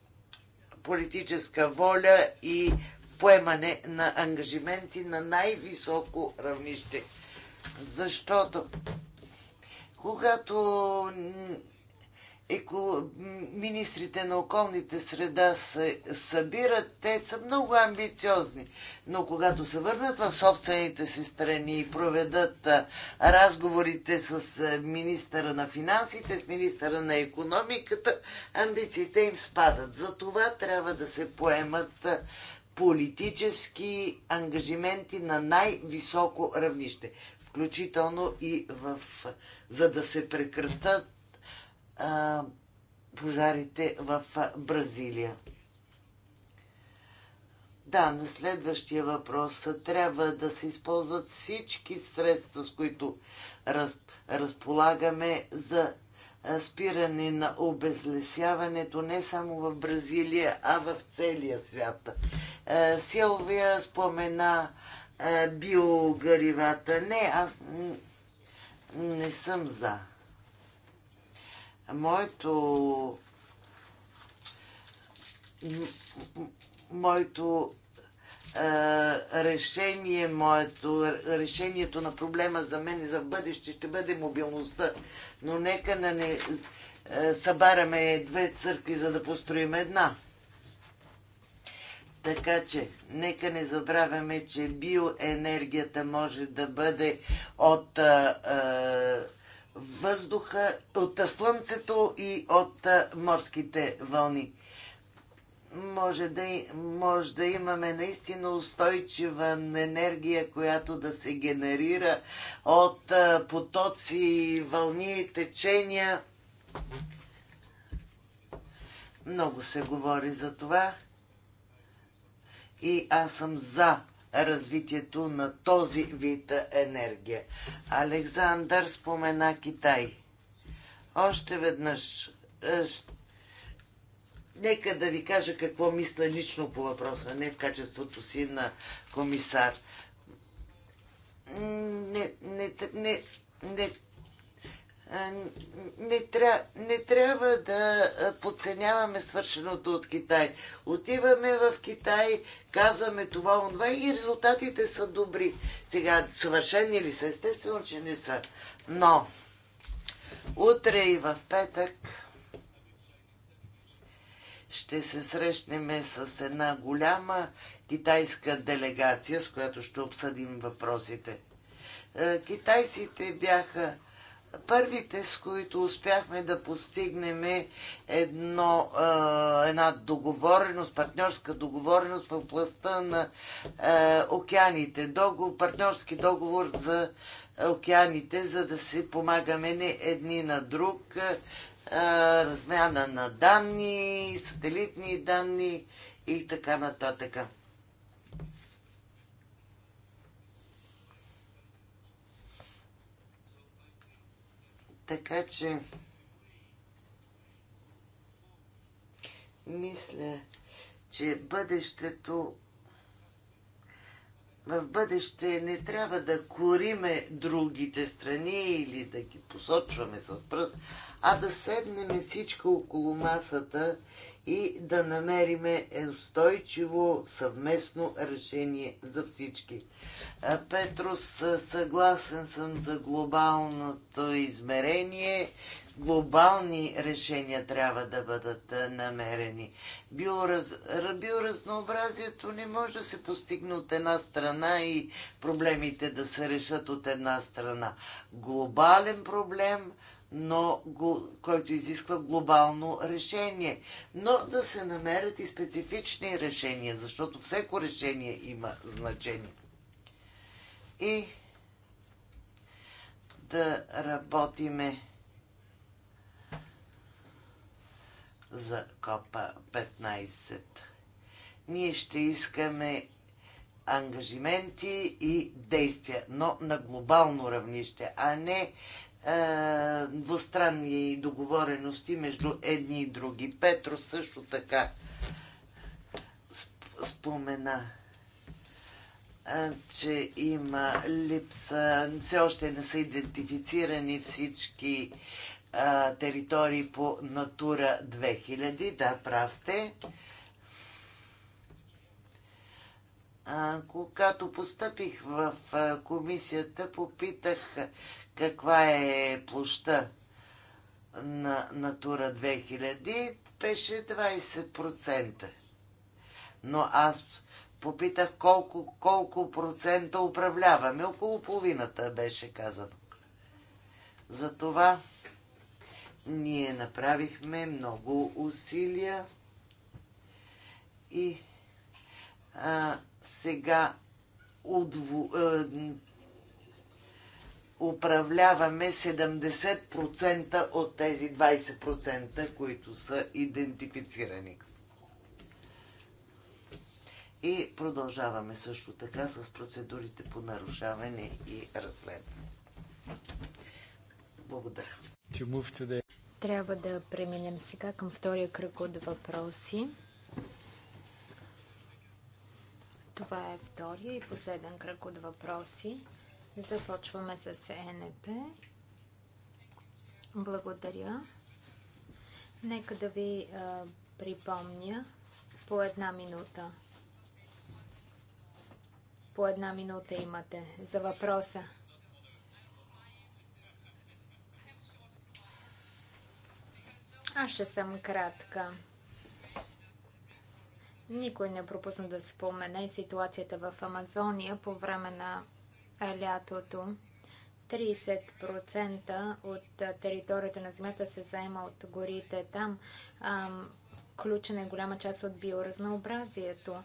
политическа воля и поемане на ангажименти на най-високо равнище. Защото когато еко... министрите на околните среда се събират, те са много амбициозни. Но когато се върнат в собствените си страни и проведат разговорите с министъра на финансите, с министъра на економиката, амбициите им спадат. За това трябва да се поемат политически ангажименти на най-високо равнище, включително и в, за да се прекратат а, пожарите в Бразилия. Да, на следващия въпрос трябва да се използват всички средства, с които раз, разполагаме за спиране на обезлесяването не само в Бразилия, а в целия свят. Силвия спомена биогаривата. Не, аз не съм за. Моето моето решение, моето, решението на проблема за мен и за бъдеще ще бъде мобилността но нека да не е, събараме две църкви, за да построим една. Така че, нека не забравяме, че биоенергията може да бъде от а, е, а, е, въздуха, от слънцето и от а, морските вълни може да, може да имаме наистина устойчива енергия, която да се генерира от потоци, вълни, и течения. Много се говори за това. И аз съм за развитието на този вид енергия. Александър спомена Китай. Още веднъж ще Нека да ви кажа какво мисля лично по въпроса, не в качеството си на комисар. Не, не, не, не, не, тря, не трябва да подценяваме свършеното от Китай. Отиваме в Китай, казваме това, онова и резултатите са добри. Сега, съвършени ли са? Естествено, че не са. Но, утре и в петък ще се срещнем с една голяма китайска делегация, с която ще обсъдим въпросите. Е, китайците бяха първите, с които успяхме да постигнем едно, е, една договореност, партньорска договореност в областта на е, океаните. Договор, партньорски договор за океаните, за да се помагаме не едни на друг, размяна на данни, сателитни данни и така нататък. Така че мисля, че бъдещето в бъдеще не трябва да кориме другите страни или да ги посочваме с пръст, а да седнем всичко около масата и да намерим устойчиво съвместно решение за всички. Петрос, съгласен съм за глобалното измерение. Глобални решения трябва да бъдат намерени. Биораз... Биоразнообразието не може да се постигне от една страна и проблемите да се решат от една страна. Глобален проблем – но го, който изисква глобално решение. Но да се намерят и специфични решения, защото всеко решение има значение. И да работиме за КОПА 15. Ние ще искаме ангажименти и действия, но на глобално равнище, а не е, двустранни договорености между едни и други. Петро също така спомена е, че има липса, все още не са идентифицирани всички е, територии по Натура 2000. Да, прав сте. когато постъпих в комисията, попитах каква е площа на Натура 2000, беше 20%. Но аз попитах колко, колко процента управляваме. Около половината беше казано. Затова ние направихме много усилия и а, сега удво, а, управляваме 70% от тези 20%, които са идентифицирани. И продължаваме също така с процедурите по нарушаване и разследване. Благодаря. Трябва да преминем сега към втория кръг от въпроси. Това е втория и последен кръг от въпроси. Започваме с ЕНП. Благодаря. Нека да ви а, припомня по една минута. По една минута имате за въпроса. Аз ще съм кратка. Никой не пропусна да спомене ситуацията в Амазония по време на лятото. 30% от територията на Земята се заема от горите. Там включена е голяма част от биоразнообразието.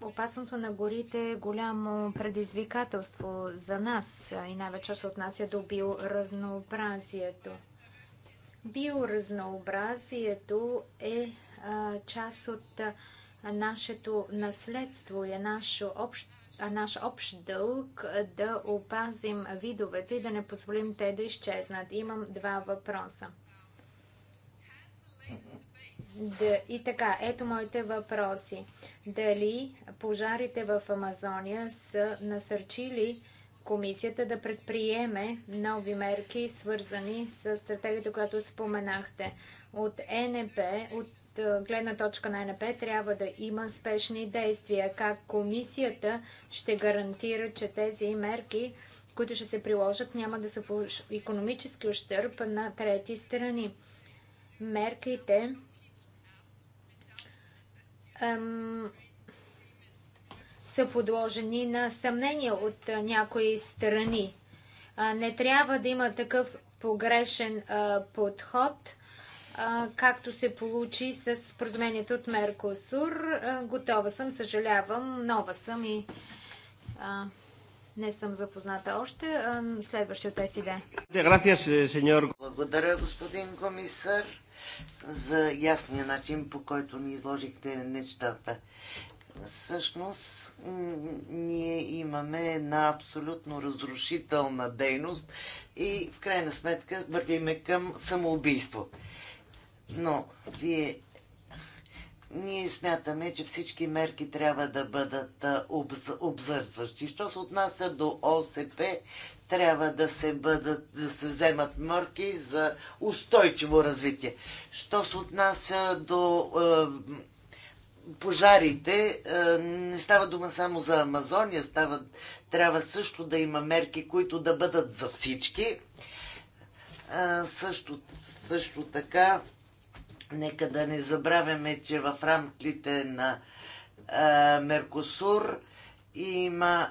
Опасното на горите е голямо предизвикателство за нас и най-вече се отнася до биоразнообразието. Биоразнообразието е а, част от а, нашето наследство и е наше общо наш общ дълг да опазим видовете и да не позволим те да изчезнат. Имам два въпроса. Да, и така, ето моите въпроси. Дали пожарите в Амазония са насърчили комисията да предприеме нови мерки, свързани с стратегията, която споменахте? От НП, от гледна точка на НП трябва да има спешни действия. Как комисията ще гарантира, че тези мерки, които ще се приложат, няма да са в економически ущърп на трети страни. Мерките ем, са подложени на съмнение от някои страни. Не трябва да има такъв погрешен подход – както се получи с споразумението от Меркосур. Готова съм, съжалявам, нова съм и не съм запозната още. Следващият е СИД. Благодаря, господин комисар, за ясния начин, по който ни изложихте нещата. Всъщност, ние имаме една абсолютно разрушителна дейност и в крайна сметка вървиме към самоубийство. Но вие ние смятаме, че всички мерки трябва да бъдат обзързващи. Що се отнася до ОСП, трябва да се, бъдат, да се вземат мърки за устойчиво развитие. Що се отнася до е, пожарите, е, не става дума само за Амазония, става, трябва също да има мерки, които да бъдат за всички. Е, също, също така Нека да не забравяме, че в рамките на Меркосур има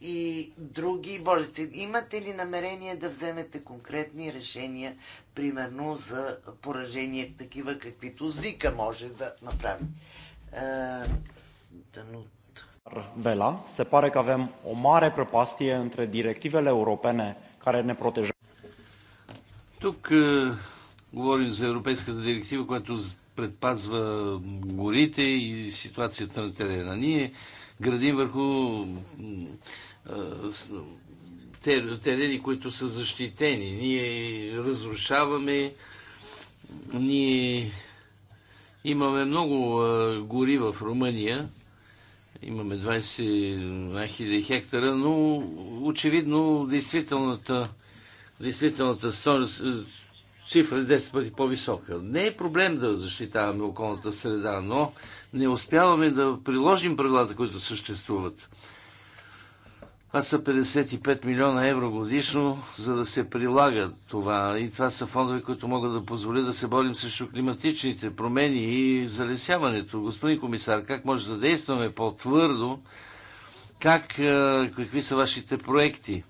и други болести. Имате ли намерение да вземете конкретни решения, примерно за поражение такива, каквито Зика може да направи? А, Вела, се pare că avem o mare prăpastie între directivele europene care ne protejează. Тук Говорим за Европейската директива, която предпазва горите и ситуацията на терена. Ние градим върху терени, които са защитени. Ние разрушаваме, ние имаме много гори в Румъния, имаме 20 хиляди хектара, но очевидно действителната, действителната стойност, цифра 10 пъти по-висока. Не е проблем да защитаваме околната среда, но не успяваме да приложим правилата, които съществуват. Това са 55 милиона евро годишно, за да се прилага това. И това са фондове, които могат да позволят да се борим срещу климатичните промени и залесяването. Господин комисар, как може да действаме по-твърдо? Как, какви са вашите проекти?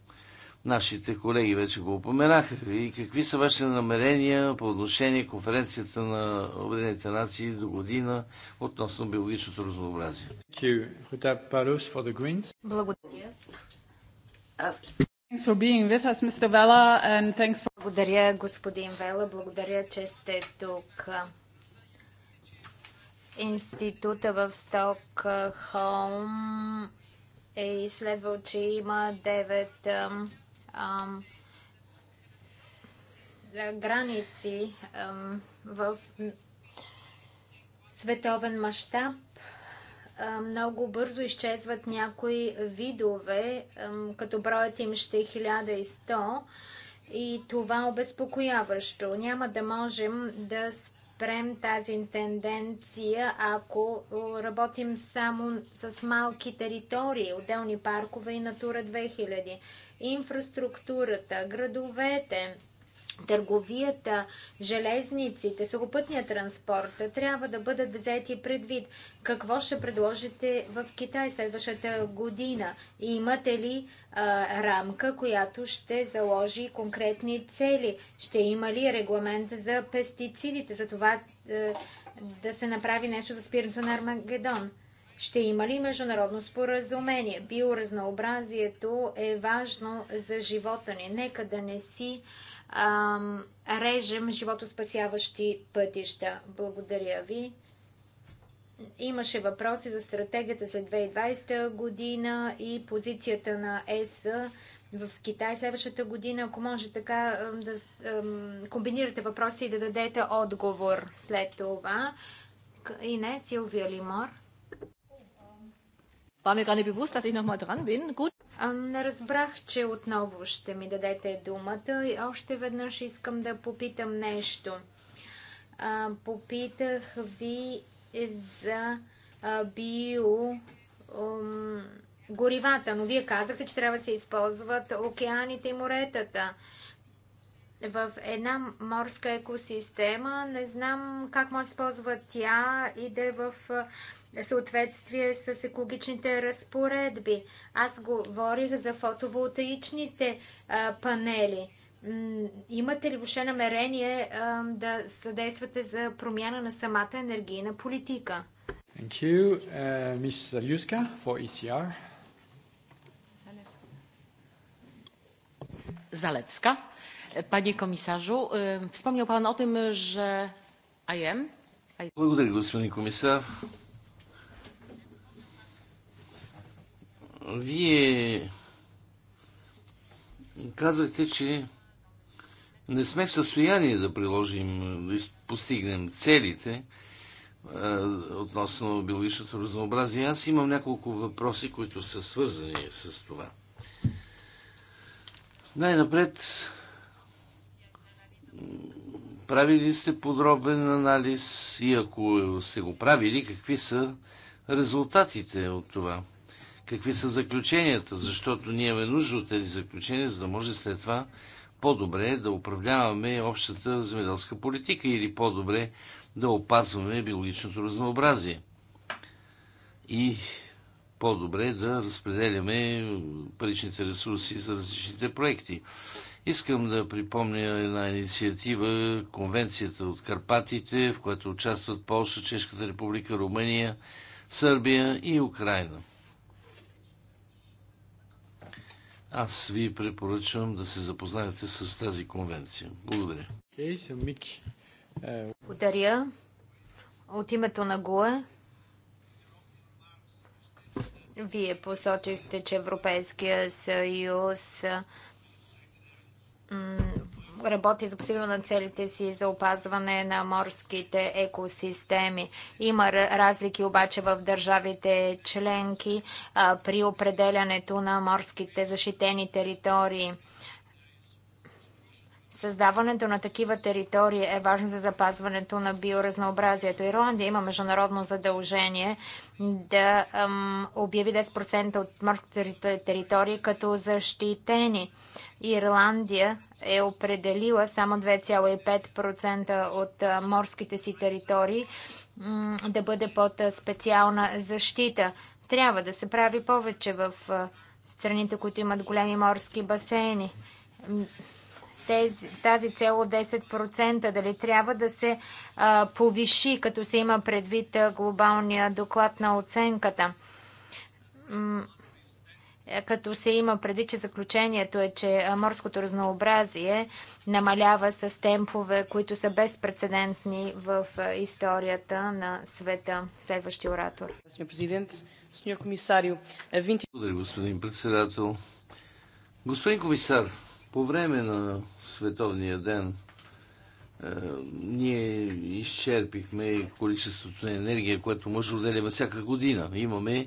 Нашите колеги вече го упоменаха. И какви са вашите намерения по отношение конференцията на Обединените нации до година относно биологичното разнообразие? Благодаря. Благодаря, господин Вела. Благодаря, че сте тук. Института в Стокхолм е изследвал, че има 9 граници в световен мащаб много бързо изчезват някои видове, като броят им ще е 1100 и това обезпокояващо. Няма да можем да спрем тази тенденция, ако работим само с малки територии, отделни паркове и Натура 2000. Инфраструктурата, градовете, търговията, железниците, сухопътния транспорт трябва да бъдат взети предвид. Какво ще предложите в Китай следващата година? Имате ли а, рамка, която ще заложи конкретни цели? Ще има ли регламент за пестицидите, за това а, е, да се направи нещо за спирането на Армагедон? Ще има ли международно споразумение? Биоразнообразието е важно за живота ни. Нека да не си ам, режем животоспасяващи пътища. Благодаря ви. Имаше въпроси за стратегията за 2020 година и позицията на ЕС в Китай следващата година. Ако може така да комбинирате въпроси и да дадете отговор след това. И не, Силвия Лимор. War mir gar nicht bewusst, dass Не разбрах, че отново ще ми дадете думата и още веднъж искам да попитам нещо. попитах ви за био горивата, но вие казахте, че трябва да се използват океаните и моретата. В една морска екосистема не знам как може да използва тя и да е в съответствие с екологичните разпоредби. Аз говорих за фотоволтаичните а, панели. Имате ли въобще намерение а, да съдействате за промяна на самата енергийна политика? Thank you, uh, Ms. Zaluska for ECR. Zalewska. Panie komisarzu, wspomniał Pan o tym, że I am. I... Благодаря, господин комисар. Вие казахте, че не сме в състояние да приложим, да постигнем целите относно биологичното разнообразие. Аз имам няколко въпроси, които са свързани с това. Най-напред, правили сте подробен анализ и ако сте го правили, какви са резултатите от това? какви са заключенията, защото ние имаме нужда от тези заключения, за да може след това по-добре да управляваме общата земеделска политика или по-добре да опазваме биологичното разнообразие. И по-добре да разпределяме паричните ресурси за различните проекти. Искам да припомня една инициатива, конвенцията от Карпатите, в която участват Полша, Чешката република, Румъния, Сърбия и Украина. Аз ви препоръчвам да се запознаете с тази конвенция. Благодаря. Okay, so Мики. Е, Благодаря. От името на ГУЕ вие посочихте, че Европейския съюз работи за постигане на целите си за опазване на морските екосистеми. Има разлики обаче в държавите членки при определянето на морските защитени територии. Създаването на такива територии е важно за запазването на биоразнообразието. Ирландия има международно задължение да ам, обяви 10% от морските територии като защитени. Ирландия е определила само 2,5% от морските си територии да бъде под специална защита. Трябва да се прави повече в страните, които имат големи морски басейни тази цел от 10%? Дали трябва да се а, повиши, като се има предвид глобалния доклад на оценката? М е, като се има предвид, че заключението е, че морското разнообразие намалява с темпове, които са безпредседентни в историята на света. Следващи оратор. Е Благодаря, господин председател. Господин комисар, по време на Световния ден е, ние изчерпихме количеството на енергия, което може да отделяме всяка година. Имаме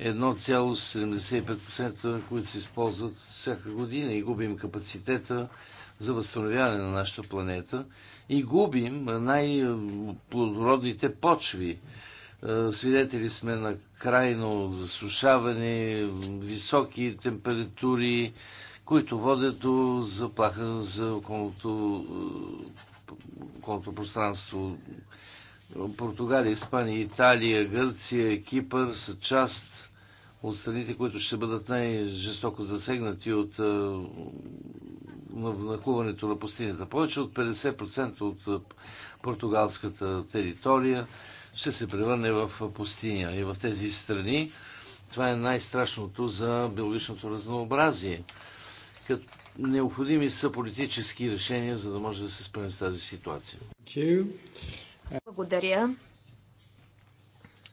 1,75%, които се използват всяка година и губим капацитета за възстановяване на нашата планета и губим най-плодородните почви. Е, свидетели сме на крайно засушаване, високи температури, които водят до заплаха за околното, е, околното пространство. Португалия, Испания, Италия, Гърция, Кипър са част от страните, които ще бъдат най-жестоко засегнати от е, нахлуването на пустинята. Повече от 50% от е, португалската територия ще се превърне в пустиня. И в тези страни това е най-страшното за биологичното разнообразие. Като необходими са политически решения, за да може да се справим с тази ситуация. Благодаря.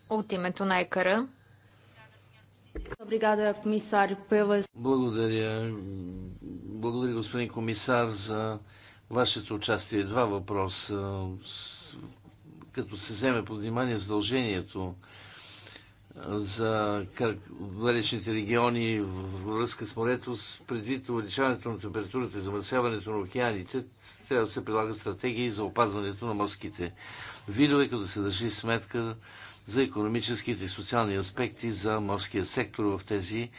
От името на ЕКАРА. Благодаря. Благодаря, господин комисар, за вашето участие. Два въпроса. Като се вземе под внимание задължението за далечните региони в връзка с морето, предвид увеличаването на температурата и замърсяването на океаните, трябва да се прилагат стратегии за опазването на морските видове, като се държи сметка за економическите и социални аспекти за морския сектор в тези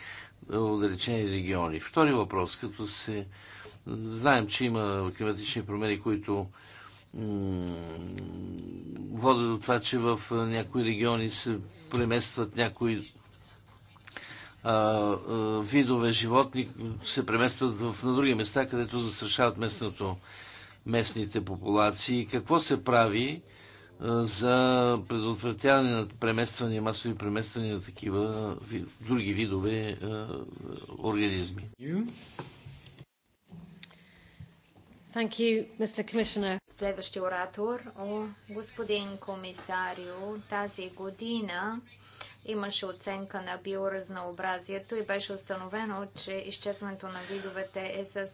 е, отдалечени региони. Втори въпрос, като се знаем, че има климатични промени, които водят до това, че в някои региони се преместват някои а, а, видове животни, се преместват в, на други места, където застрашават местното, местните популации. Какво се прави а, за предотвратяване на премествания, масови премествания на такива ви, други видове а, организми? You, Следващия оратор, О, господин комисарио, тази година имаше оценка на биоразнообразието и беше установено, че изчезването на видовете е с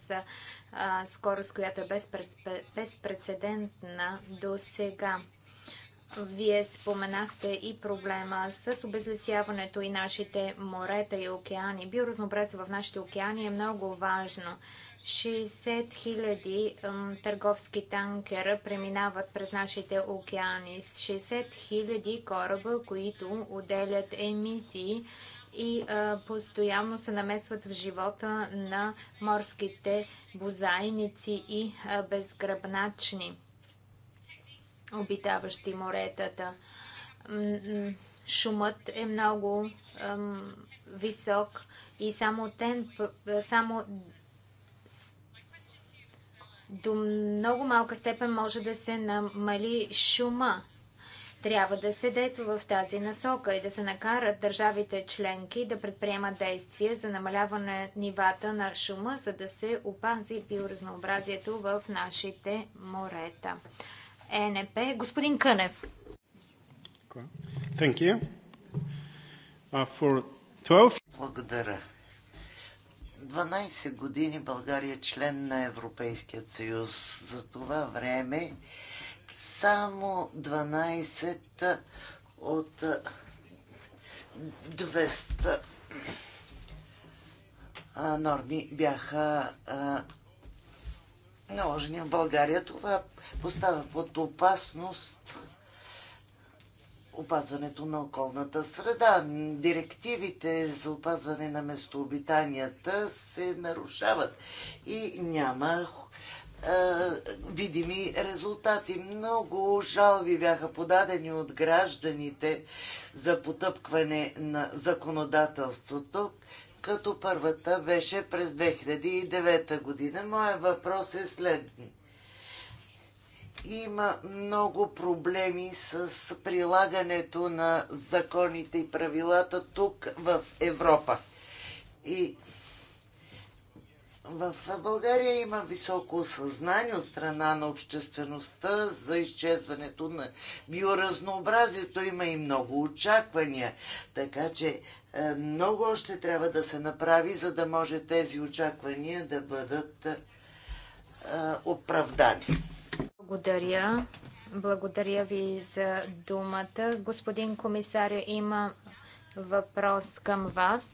а, скорост, която е безпредседентна до сега. Вие споменахте и проблема с обезлесяването и нашите морета и океани. Биоразнообразието в нашите океани е много важно. 60 000 търговски танкера преминават през нашите океани. 60 000 кораба, които отделят емисии и а, постоянно се намесват в живота на морските бозайници и а, безгръбначни, обитаващи моретата. Шумът е много висок и само, темп, само до много малка степен може да се намали шума. Трябва да се действа в тази насока и да се накарат държавите членки да предприемат действия за намаляване нивата на шума, за да се опази биоразнообразието в нашите морета. Е ЕНП. Господин Кънев. Thank you. Uh, for 12... Благодаря. 12 години България е член на Европейския съюз. За това време само 12 от 200 норми бяха наложени в България. Това поставя под опасност опазването на околната среда. Директивите за опазване на местообитанията се нарушават и няма е, видими резултати. Много жалби бяха подадени от гражданите за потъпкване на законодателството, като първата беше през 2009 година. Моя въпрос е следния има много проблеми с прилагането на законите и правилата тук в Европа. И в България има високо съзнание от страна на обществеността за изчезването на биоразнообразието. Има и много очаквания. Така че е, много още трябва да се направи, за да може тези очаквания да бъдат е, оправдани. Благодаря. Благодаря ви за думата. Господин комисар, има въпрос към вас.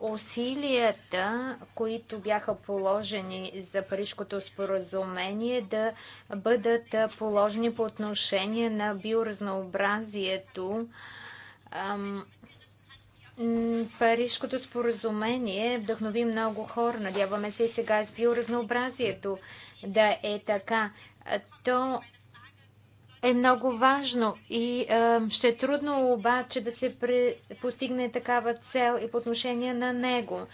Усилията, които бяха положени за Парижкото споразумение, да бъдат положени по отношение на биоразнообразието. Парижкото споразумение вдъхнови много хора. Надяваме се и сега с биоразнообразието да е така, то е много важно и е, ще е трудно обаче да се при... постигне такава цел и по отношение на него.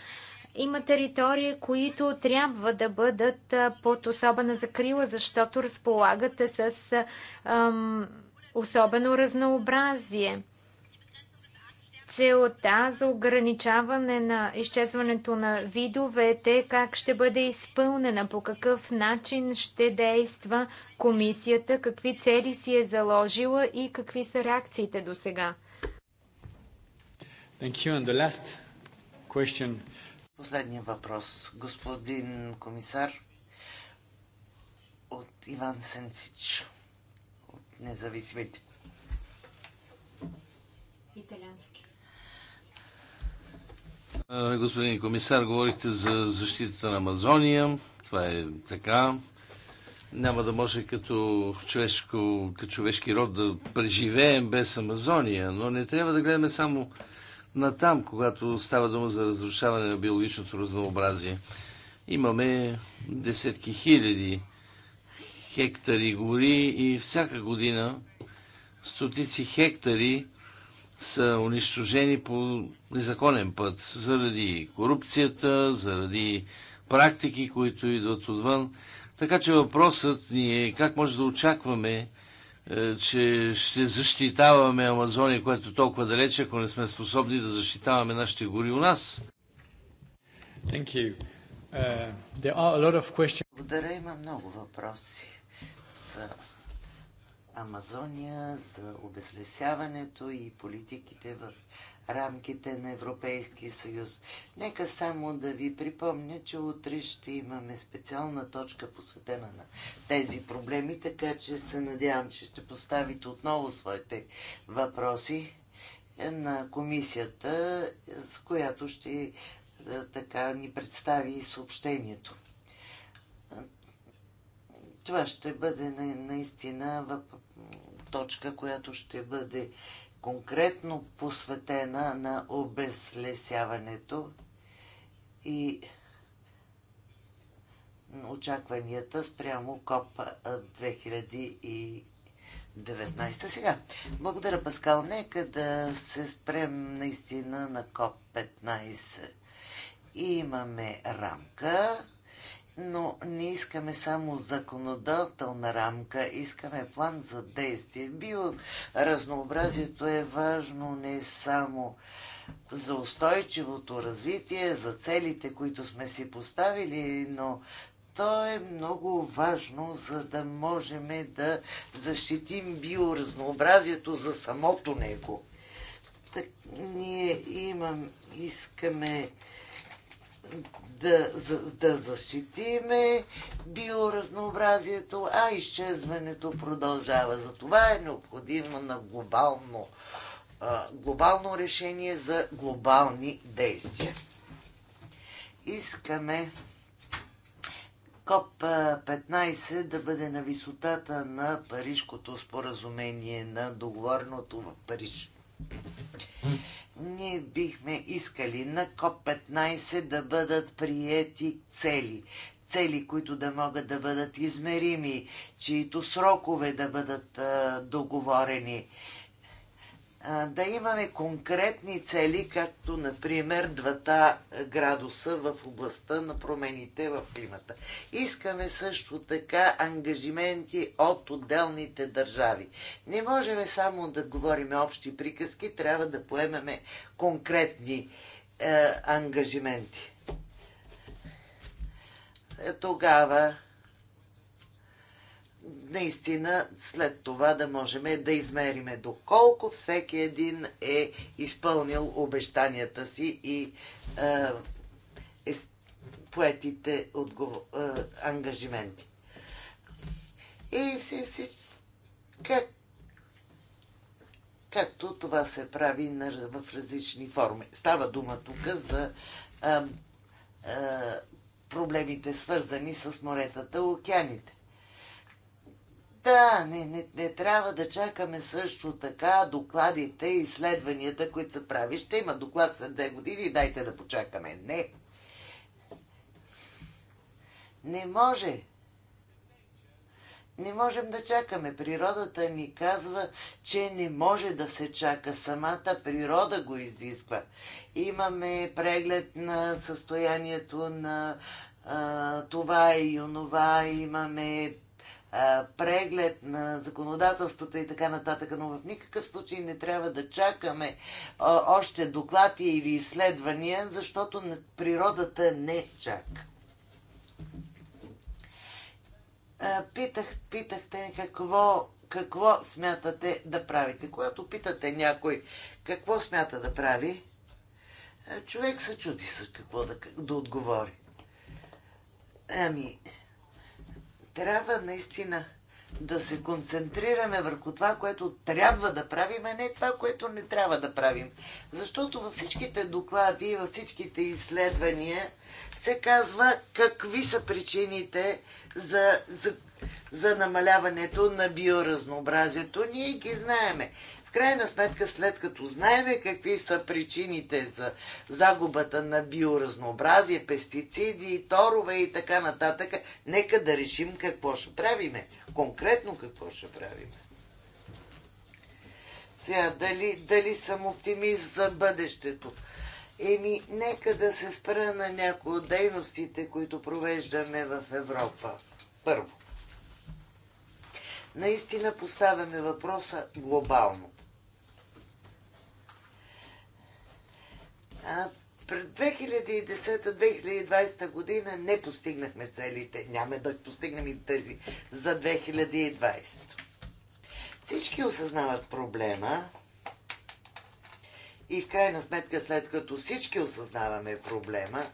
Има територии, които трябва да бъдат под особена закрила, защото разполагате с е, е, особено разнообразие целта за ограничаване на изчезването на видовете, как ще бъде изпълнена, по какъв начин ще действа комисията, какви цели си е заложила и какви са реакциите до сега. Последния въпрос, господин комисар, от Иван Сенцич, от независимите. Италянски. Е, господин комисар, говорихте за защитата на Амазония. Това е така. Няма да може като, човешко, като човешки род да преживеем без Амазония, но не трябва да гледаме само на там, когато става дума за разрушаване на биологичното разнообразие. Имаме десетки хиляди хектари гори и всяка година стотици хектари са унищожени по незаконен път, заради корупцията, заради практики, които идват отвън. Така че въпросът ни е как може да очакваме, е, че ще защитаваме Амазония, което е толкова далече, ако не сме способни да защитаваме нашите гори у нас. Thank you. Uh, there are a lot of questions. Благодаря, има много въпроси за Амазония, за обезлесяването и политиките в рамките на Европейския съюз. Нека само да ви припомня, че утре ще имаме специална точка посветена на тези проблеми, така че се надявам, че ще поставите отново своите въпроси на комисията, с която ще е, така ни представи и съобщението. Това ще бъде наистина в точка, която ще бъде конкретно посветена на обезлесяването и очакванията спрямо КОП 2019. Сега, благодаря Паскал, нека да се спрем наистина на КОП 15. Имаме рамка, но не искаме само законодателна рамка, искаме план за действие. Биоразнообразието е важно не само за устойчивото развитие, за целите, които сме си поставили, но то е много важно, за да можем да защитим биоразнообразието за самото него. Так, ние имам, искаме да, за, да защитиме биоразнообразието, а изчезването продължава. Затова е необходимо на глобално, а, глобално решение за глобални действия. Искаме КОП-15 да бъде на висотата на Парижкото споразумение на договорното в Париж. Ние бихме искали на КОП-15 да бъдат приети цели. Цели, които да могат да бъдат измерими, чието срокове да бъдат договорени да имаме конкретни цели, както, например, двата градуса в областта на промените в климата. Искаме също така ангажименти от отделните държави. Не можем само да говорим общи приказки, трябва да поемеме конкретни е, ангажименти. Е, тогава наистина след това да можем да измериме доколко всеки един е изпълнил обещанията си и е, е, поетите отговор, е, ангажименти. И все, как, както това се прави на, в различни форми. Става дума тук за е, е, проблемите свързани с моретата, океаните да, не, не, не трябва да чакаме също така докладите и изследванията, които се прави. Ще има доклад след две години и дайте да почакаме. Не. Не може. Не можем да чакаме. Природата ни казва, че не може да се чака. Самата природа го изисква. Имаме преглед на състоянието на а, това и онова. Имаме преглед на законодателството и така нататък, но в никакъв случай не трябва да чакаме още доклади или изследвания, защото природата не чака. Питах, питахте какво, какво смятате да правите. Когато питате някой какво смята да прави, човек се чуди с какво да, да отговори. Ами, трябва наистина да се концентрираме върху това, което трябва да правим, а не това, което не трябва да правим. Защото във всичките доклади и във всичките изследвания се казва какви са причините за, за, за намаляването на биоразнообразието. Ние ги знаеме крайна сметка, след като знаеме какви са причините за загубата на биоразнообразие, пестициди, торове и така нататък, нека да решим какво ще правиме. Конкретно какво ще правиме. Сега, дали, дали съм оптимист за бъдещето? Еми, нека да се спра на някои от дейностите, които провеждаме в Европа. Първо. Наистина поставяме въпроса глобално. Пред 2010-2020 година не постигнахме целите. Няма да постигнем и тези за 2020. Всички осъзнават проблема и в крайна сметка, след като всички осъзнаваме проблема,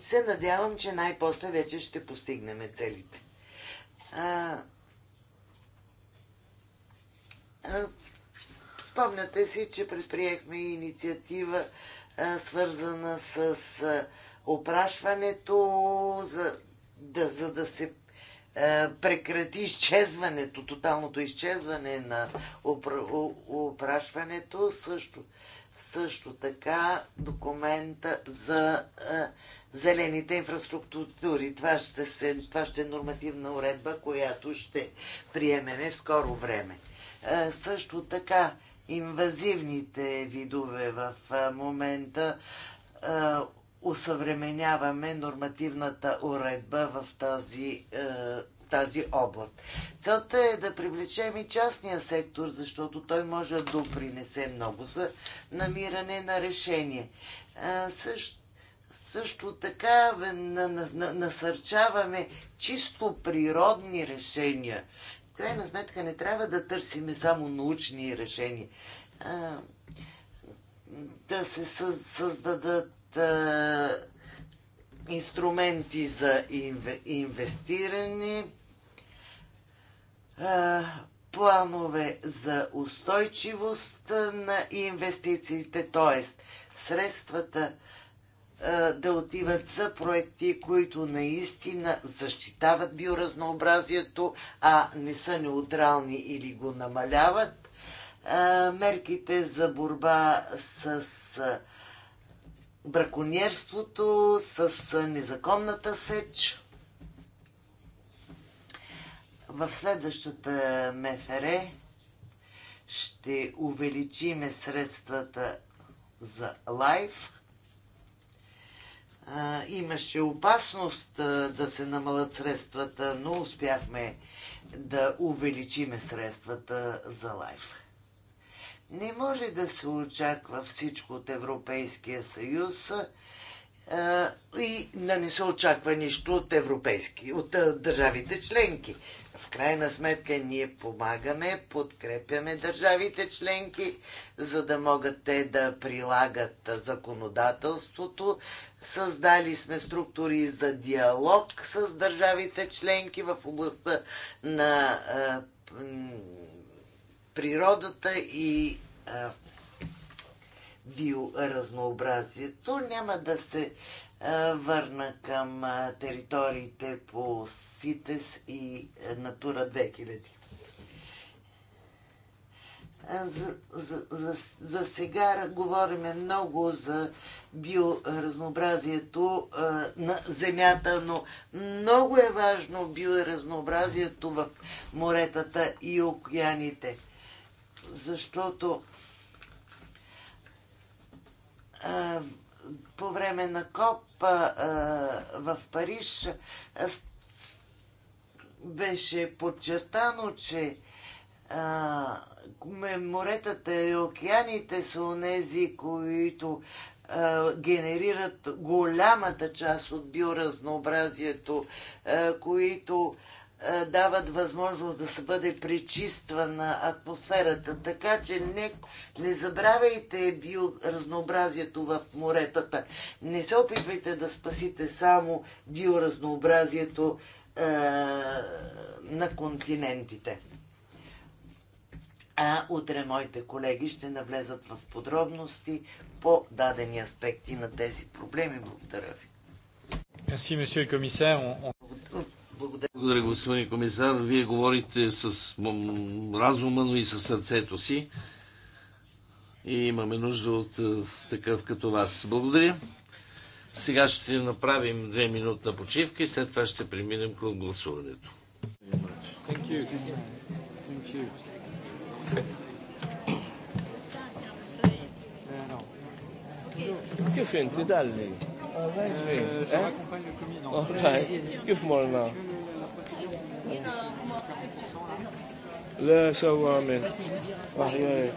се надявам, че най-после вече ще постигнем целите. А, а, Спомняте си, че предприехме инициатива, свързана с опрашването, за да, за да се прекрати изчезването, тоталното изчезване на опрашването. Също, също така документа за зелените инфраструктури. Това ще, се, това ще е нормативна уредба, която ще приемеме в скоро време. Също така инвазивните видове в момента усъвременяваме нормативната уредба в тази, тази област. Целта е да привлечем и частния сектор, защото той може да допринесе много за намиране на решение. Също също така насърчаваме чисто природни решения крайна сметка не трябва да търсиме само научни решения. А, да се създадат а, инструменти за инв, инвестиране, а, планове за устойчивост на инвестициите, т.е. средствата е, да отиват за проекти, които наистина защитават биоразнообразието, а не са неутрални или го намаляват. Е, мерките за борба с е, браконьерството, с незаконната сеч. В следващата МФР ще увеличиме средствата за лайф – имаше опасност а, да се намалят средствата, но успяхме да увеличиме средствата за лайф. Не може да се очаква всичко от Европейския съюз а, и да не се очаква нищо от, европейски, от а, държавите членки. В крайна сметка ние помагаме, подкрепяме държавите членки, за да могат те да прилагат законодателството, Създали сме структури за диалог с държавите членки в областта на а, природата и а, биоразнообразието. Няма да се върна към териториите по СИТЕС и Натура 2000. За, за, за, за сега говорим много за биоразнообразието а, на земята, но много е важно биоразнообразието в моретата и океаните, защото а, по време на КОП а, в Париж беше подчертано, че моретата и океаните са онези, които генерират голямата част от биоразнообразието, които дават възможност да се бъде пречиствана атмосферата. Така че не, не забравяйте биоразнообразието в моретата. Не се опитвайте да спасите само биоразнообразието е, на континентите. А утре моите колеги ще навлезат в подробности по дадени аспекти на тези проблеми. Благодаря ви. Благодаря. Благодаря, господин комисар. Вие говорите с разума, но и с сърцето си. И имаме нужда от е, такъв като вас. Благодаря. Сега ще направим две минутна почивка и след това ще преминем към гласуването. Thank you. Thank you. Kif inti dalli? Kif morna? Le, sewa għamil. Waħjaj.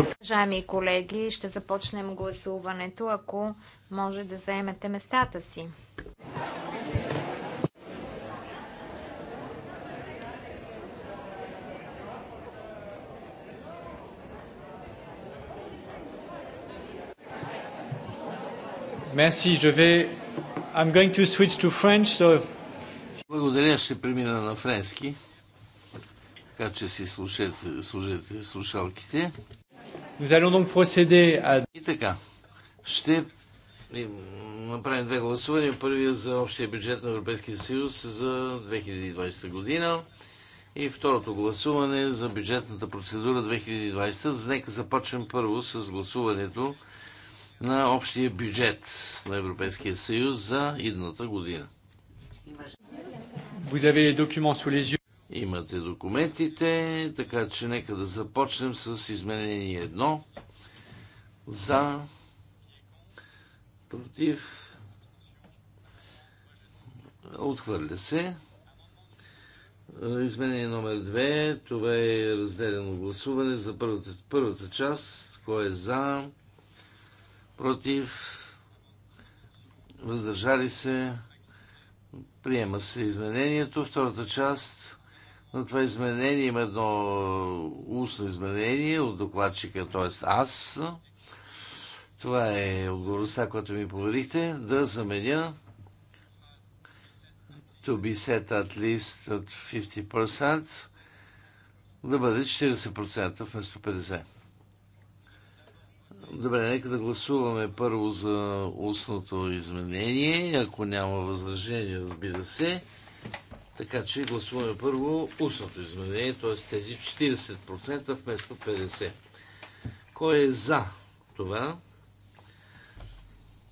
Уважаеми колеги, ще започнем гласуването, ако може да заемете местата си. Merci, je vais... I'm going to switch to French, so... Благодаря, ще премина на френски. Така че си слушайте, слушайте слушалките. И така, ще направим две гласувания. Първият за общия бюджет на Европейския съюз за 2020 година и второто гласуване за бюджетната процедура 2020. За Нека започнем първо с гласуването на общия бюджет на Европейския съюз за идната година. Vous avez les documents sous les Имате документите, така че нека да започнем с изменение 1. За, против, отхвърля се. Изменение номер 2. Това е разделено гласуване за първата, първата част. Кой е за, против, въздържали се, приема се изменението. Втората част на това изменение има едно устно изменение от докладчика, т.е. аз. Това е отговорността, която ми поверихте, да заменя to be set at least at 50%, да бъде 40% вместо 50%. Добре, нека да гласуваме първо за устното изменение, ако няма възражение, разбира се. Така че гласуваме първо устното изменение, т.е. тези 40% вместо 50%. Кой е за това?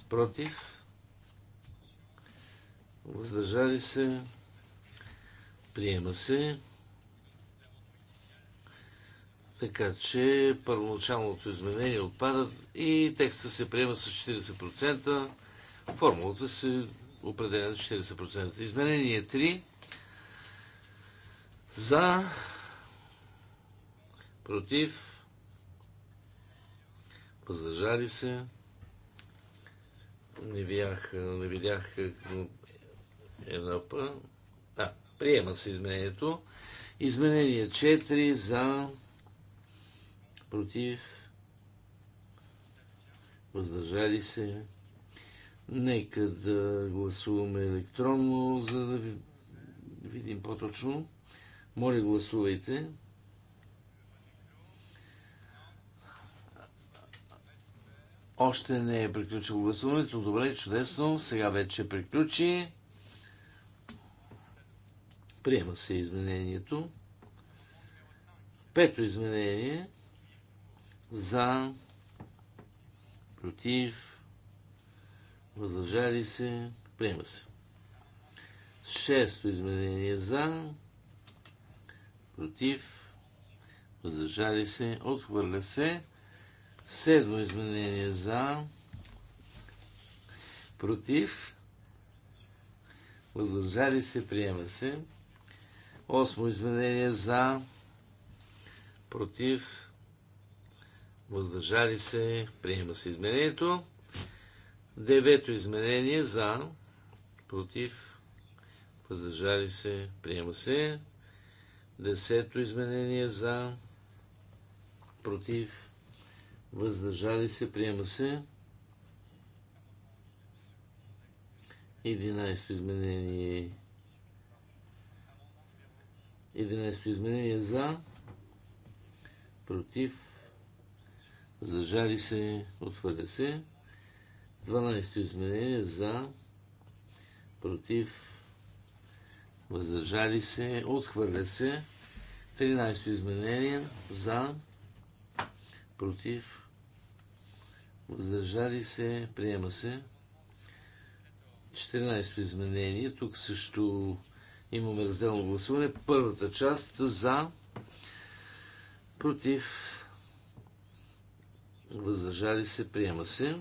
Против? Въздържали се? Приема се. Така че първоначалното изменение отпада и текста се приема с 40%. Формулата се определя на 40%. Изменение 3 за. Против. Въздържали се. Не видях, не видях Европа. Е, а, приема се изменението. Изменение 4 за против въздържали се. Нека да гласуваме електронно, за да видим по-точно. Моля, гласувайте. Още не е приключил гласуването. Добре, чудесно. Сега вече приключи. Приема се изменението. Пето изменение за против въздържали се. Приема се. Шесто изменение за против, въздържали се, отхвърля се. Седмо изменение за, против, въздържали се, приема се. Осмо изменение за, против, въздържали се, приема се изменението. Девето изменение за, против, въздържали се, приема се. Десето изменение за, против, въздържали се, приема се. Единайсто изменение. Единайсто изменение за, против, въздържали се, отвърля се. 12 изменение за, против, въздържали се, отхвърля се. 13-то изменение за, против, въздържали се, приема се. 14-то изменение, тук също имаме разделно гласуване. Първата част за, против, въздържали се, приема се.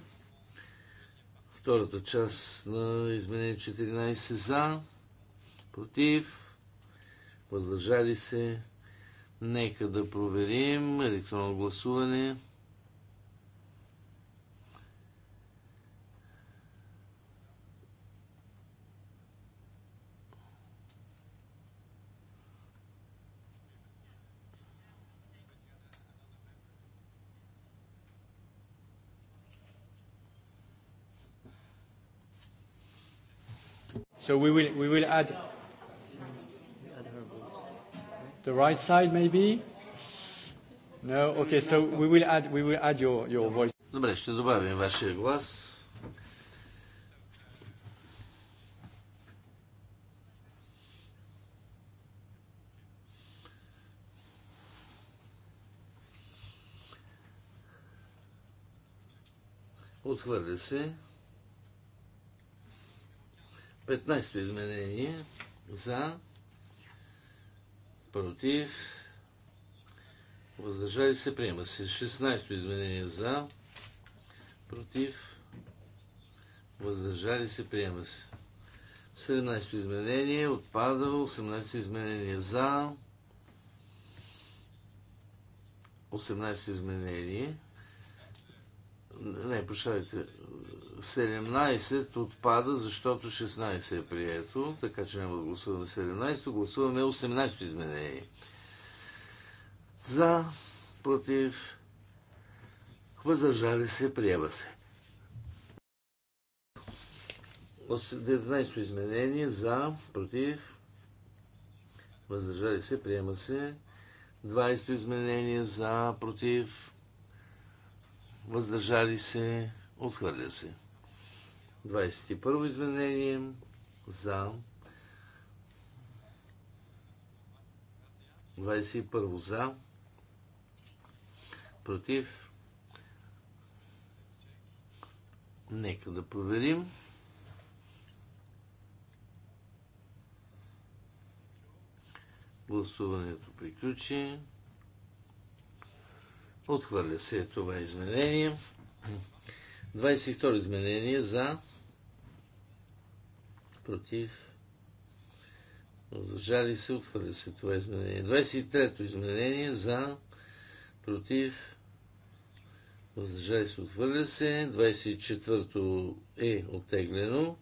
Втората част на изменение 14 за, против, въздържали се. Нека да проверим електронно гласуване. So we will, we will add The right side, maybe? No? Okay, so we will add, we will add your, your voice. Добре, ще добавим вашия глас. Отхвърля се. 15 изменение за против, въздържали се, приема се. 16-то изменение за, против, въздържали се, приема се. 17-то изменение отпада, 18-то изменение за, 18-то изменение, не, прощавайте, 17 отпада, защото 16 е прието, така че няма да гласуваме 17, гласуваме 18 изменение. За, против, въздържали се, приема се. 19 изменение за, против, въздържали се, приема се. 20 изменение за, против, въздържали се, отхвърля се. 21 изменение за 21 за против нека да проверим гласуването приключи отхвърля се това изменение 22 изменение за против, въздържали се, отхвърля се това изменение. 23-то изменение за, против, въздържали се, отхвърля се. 24-то е оттеглено.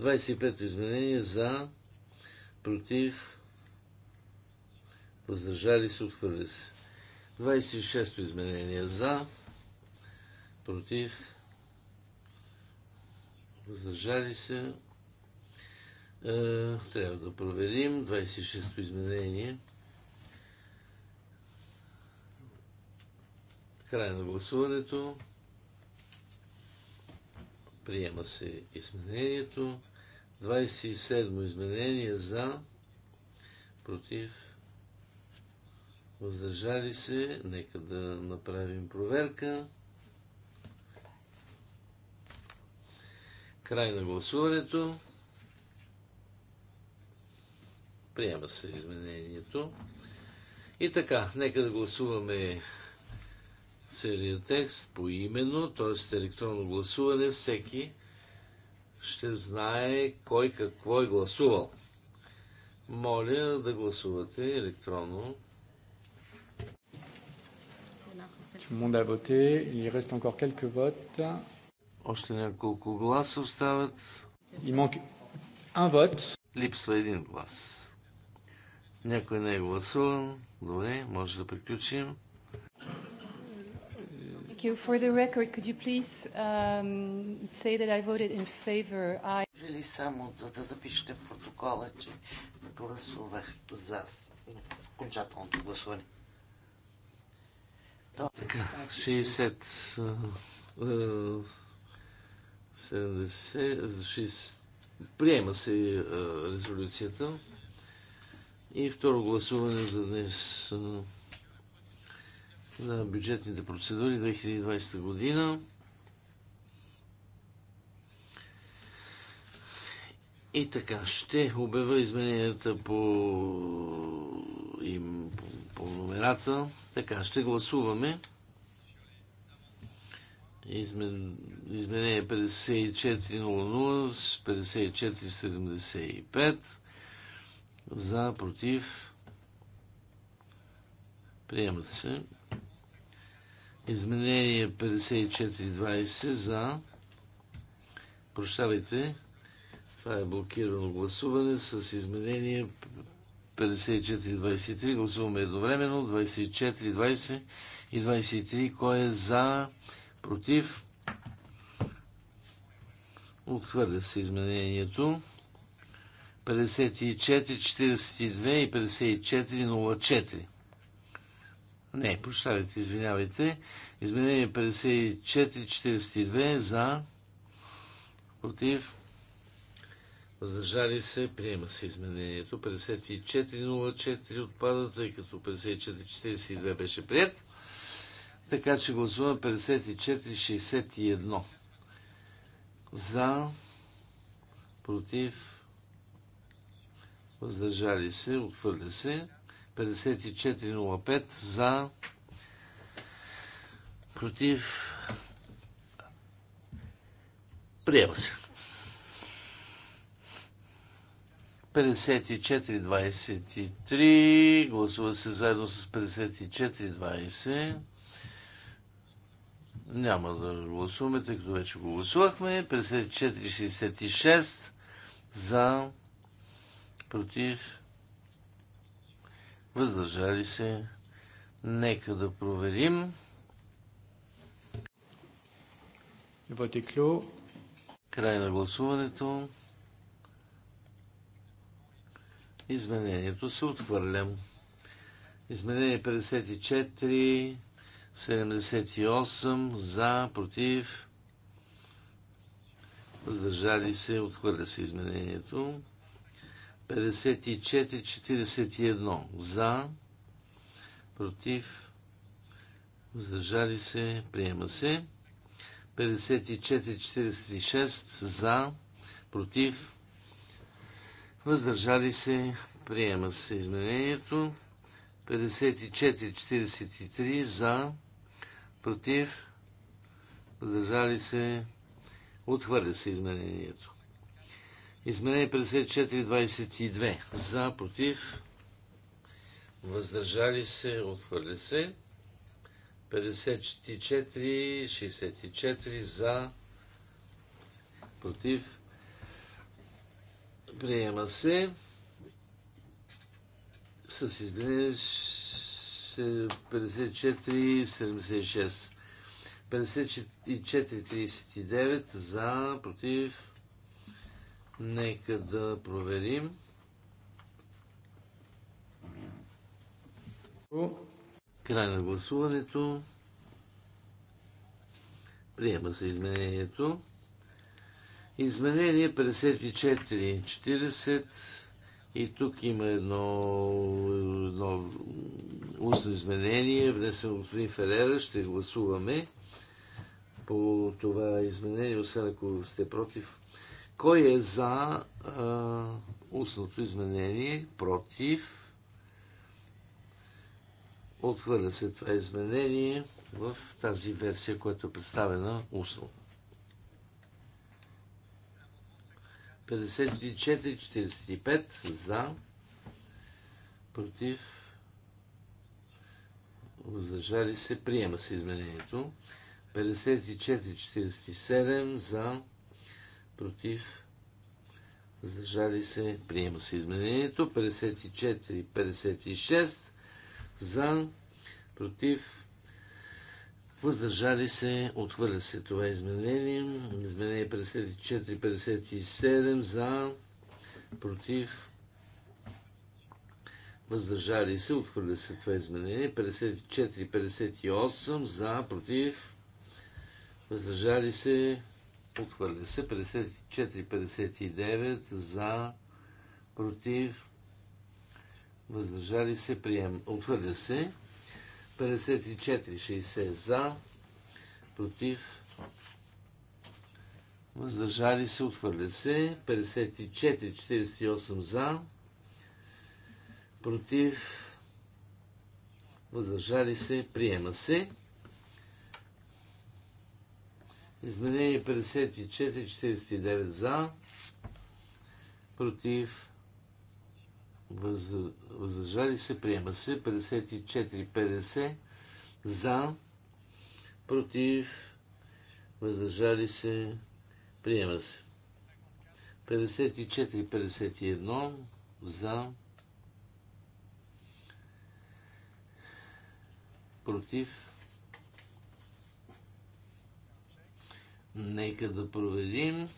25-то изменение за, против, въздържали се, отхвърля се. 26-то изменение за, против, въздържали се, е, трябва да проверим. 26-то изменение. Край на гласуването. Приема се изменението. 27 изменение за, против, въздържали се. Нека да направим проверка. Край на гласуването. Приема се изменението. И така, нека да гласуваме целият текст по именно, т.е. електронно гласуване. Всеки ще знае кой какво е гласувал. Моля да гласувате електронно. Още няколко гласа остават. Липсва един глас. Някой не е гласуван. Добре, може да приключим. For the record, could you please um, say that I voted in favor? I... Или само за да запишете в протокола, че гласувах за окончателното гласуване. Така, 60... 70... 6, Приема се резолюцията. И второ гласуване за днес на бюджетните процедури 2020 година. И така, ще обява измененията по, им, по, по номерата. Така, ще гласуваме. Измен... Изменение 5400 с 5475. За, против. Приема се. Изменение 54, 20 за. Прощавайте. Това е блокирано гласуване с изменение 54-23. Гласуваме едновременно. 24-20 и 23. Кой е за? Против? Отхвърля се изменението. 54, 42 и 54-04. Не, прощавайте, извинявайте. Изменение 54-42 за, против, въздържали се, приема се изменението. 54-04 отпада, тъй като 54-42 беше прият. Така че гласуваме 54-61 за, против, въздържали се, отхвърля се. 54.05 за, против, приема се. 54.23 гласува се заедно с 54.20. Няма да гласуваме, тъй като вече го гласувахме. 54.66 за против, въздържали се. Нека да проверим. Е Край на гласуването. Изменението се отхвърлям. Изменение 54, 78, за, против, въздържали се, отхвърля се изменението. 54-41 за, против, въздържали се, приема се. 54-46 за, против, въздържали се, приема се изменението. 54-43 за, против, въздържали се, отхвърля се изменението. Изменение 54-22. За, против, въздържали се, отвърли се. 54-64 за, против, приема се. С изменение 54-76. 54-39 за, против, Нека да проверим. Край на гласуването. Приема се изменението. Изменение 54-40 и тук има едно, едно устно изменение, внесено от господин Ферера, ще гласуваме по това изменение, освен ако сте против, кой е за устното изменение? Против? Отхвърля се това изменение в тази версия, която е представена устно. 54-45 за против въздържали се. Приема се изменението. 54-47 за против, въздържали се, приема се изменението. 54, 56 за, против, въздържали се, отвърля се това изменение. Изменение 54, 57 за, против, въздържали се, отхвърля се това изменение. 54, 58 за, против, въздържали се, Отхвърля се 54-59 за, против, въздържали се, прием. Отхвърля се 54-60 за, против, въздържали се, отхвърля се 54-48 за, против, въздържали се, приема се. Изменение 54-49 за, против, въздържали се, приема се. 54-50 за, против, въздържали се, приема се. 54-51 за, против, Нека да проверим.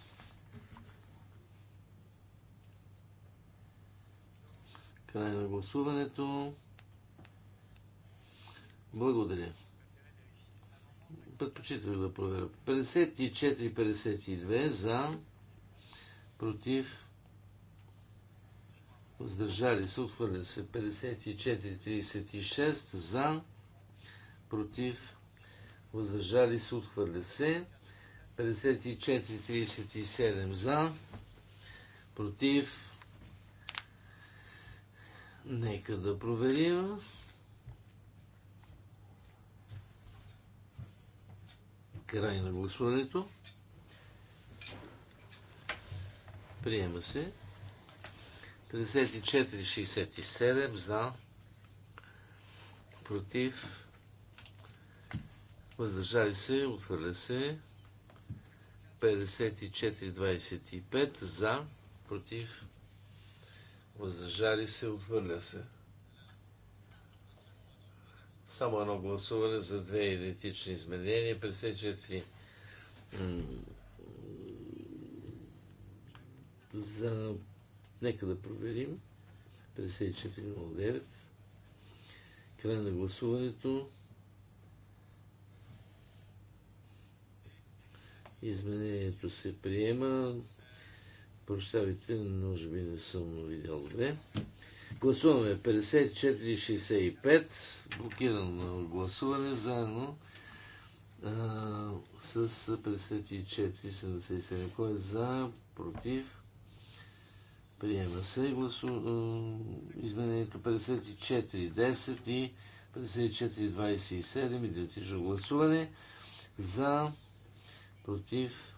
Край на гласуването. Благодаря. Предпочитах да проверя. 54-52 за, против, въздържали се, отхвърля се. 54-36 за, против, въздържали се, отхвърля се. 54-37 за, против. Нека да проверим. Край на гласуването. Приема се. 54-67 за, против. Въздържали се, отхвърля се. 54-25 за, против, въздържали се, отвърля се. Само едно гласуване за две идентични изменения. 54 за... Нека да проверим. 5409. Край на гласуването. Изменението се приема. Прощавайте, може би не съм видял добре. Гласуваме 54-65, блокирано гласуване, заедно а, с 54-77. Кой е за, против? Приема се гласу... изменението 54-10 и 54-27, идентично гласуване. За, против,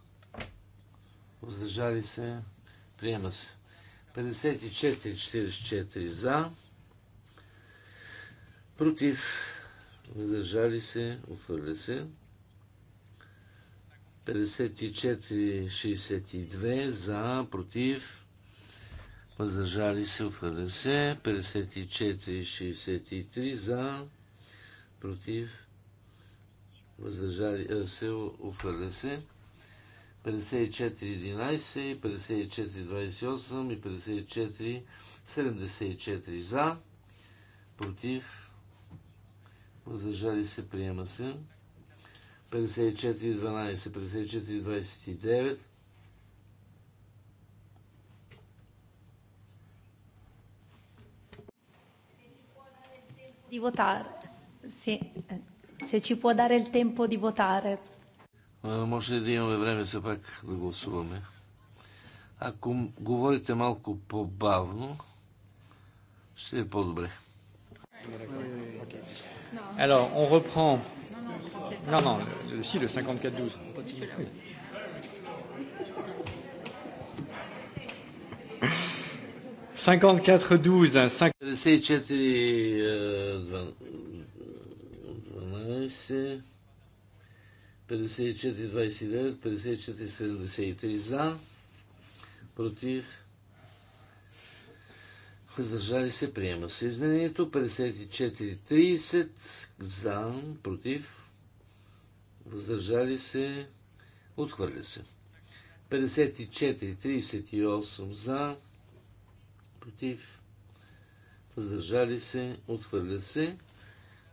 въздържали се, приема се. 54 44 за, против, въздържали се, отхвърля се. 54-62 за, против, въздържали се, отхвърля се. 54-63 за, против, въздържали се, ухвърля се. 54.11 54, 54.28 и 54, 74 за, против, въздържали се, приема се. 54.12, 54.29 Di votare. Sì. Se ci può dare il tempo di votare. Може да имаме време все пак да гласуваме. Ако говорите малко по-бавно, ще е по-добре. Alors, on reprend. Non, non, le, si, le 54-12. Cinquante-quatre douze, cinq. 54-29, 54-73 за, против, въздържали се, приема се изменението. 54-30 за, против, въздържали се, отхвърля се. 54-38 за, против, въздържали се, отхвърля се.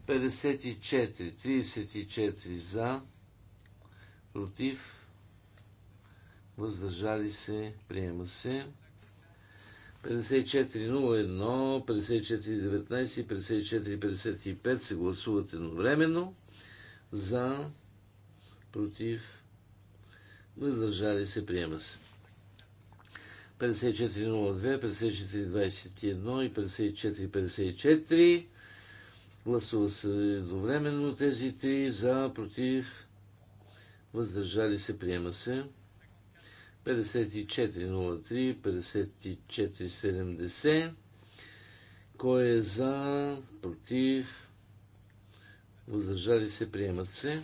54, 34 за, против, въздържали се, приема се. 54.01, 54, 54.55 се гласуват едновременно. За, против, въздържали се, приема се. 54.02, 54.21 и 54.54 Гласува се едновременно тези три за, против, въздържали се, приема се. 5403, 5470. Кой е за, против, въздържали се, приемат се.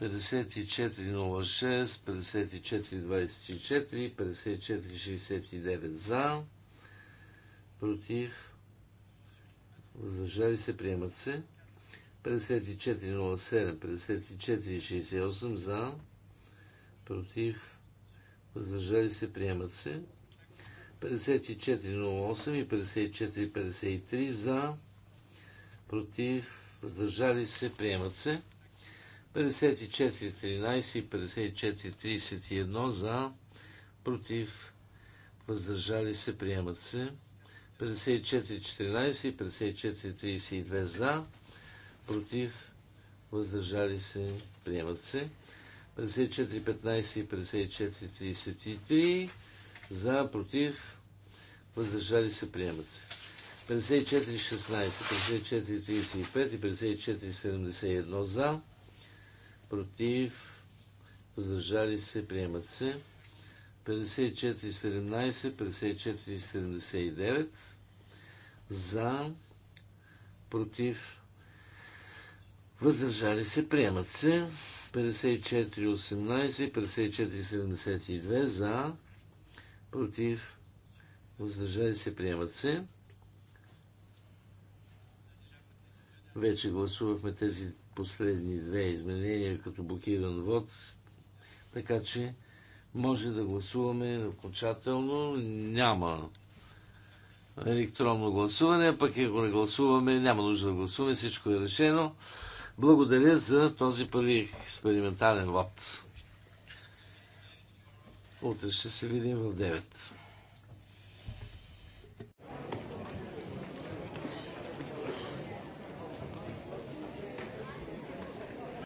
5406, 5424, 5469 за, против, въздържали се, приемат се. 5407, 5468 за, против, въздържали се, приемат се. 5408 и 5453 за, против, въздържали се, приемат се. 5413 и 5431 за, против, въздържали се, приемат се. 54-14 и 54-32 за, против, въздържали се, приемат се. 54-15 и 54-33 за, против, въздържали се, приемат се. 54-16, 54-35 и 54-71 за, против, въздържали се, приемат се. 54-17, 54-79 за, против, въздържали се, приемат се. 54.18, 54.72 за, против, въздържали се, приемат се. Вече гласувахме тези последни две изменения като блокиран вод, така че може да гласуваме окончателно. Няма електронно гласуване, пък ако не гласуваме, няма нужда да гласуваме, всичко е решено. Благодаря за този първи експериментален вод. Утре ще се видим в 9.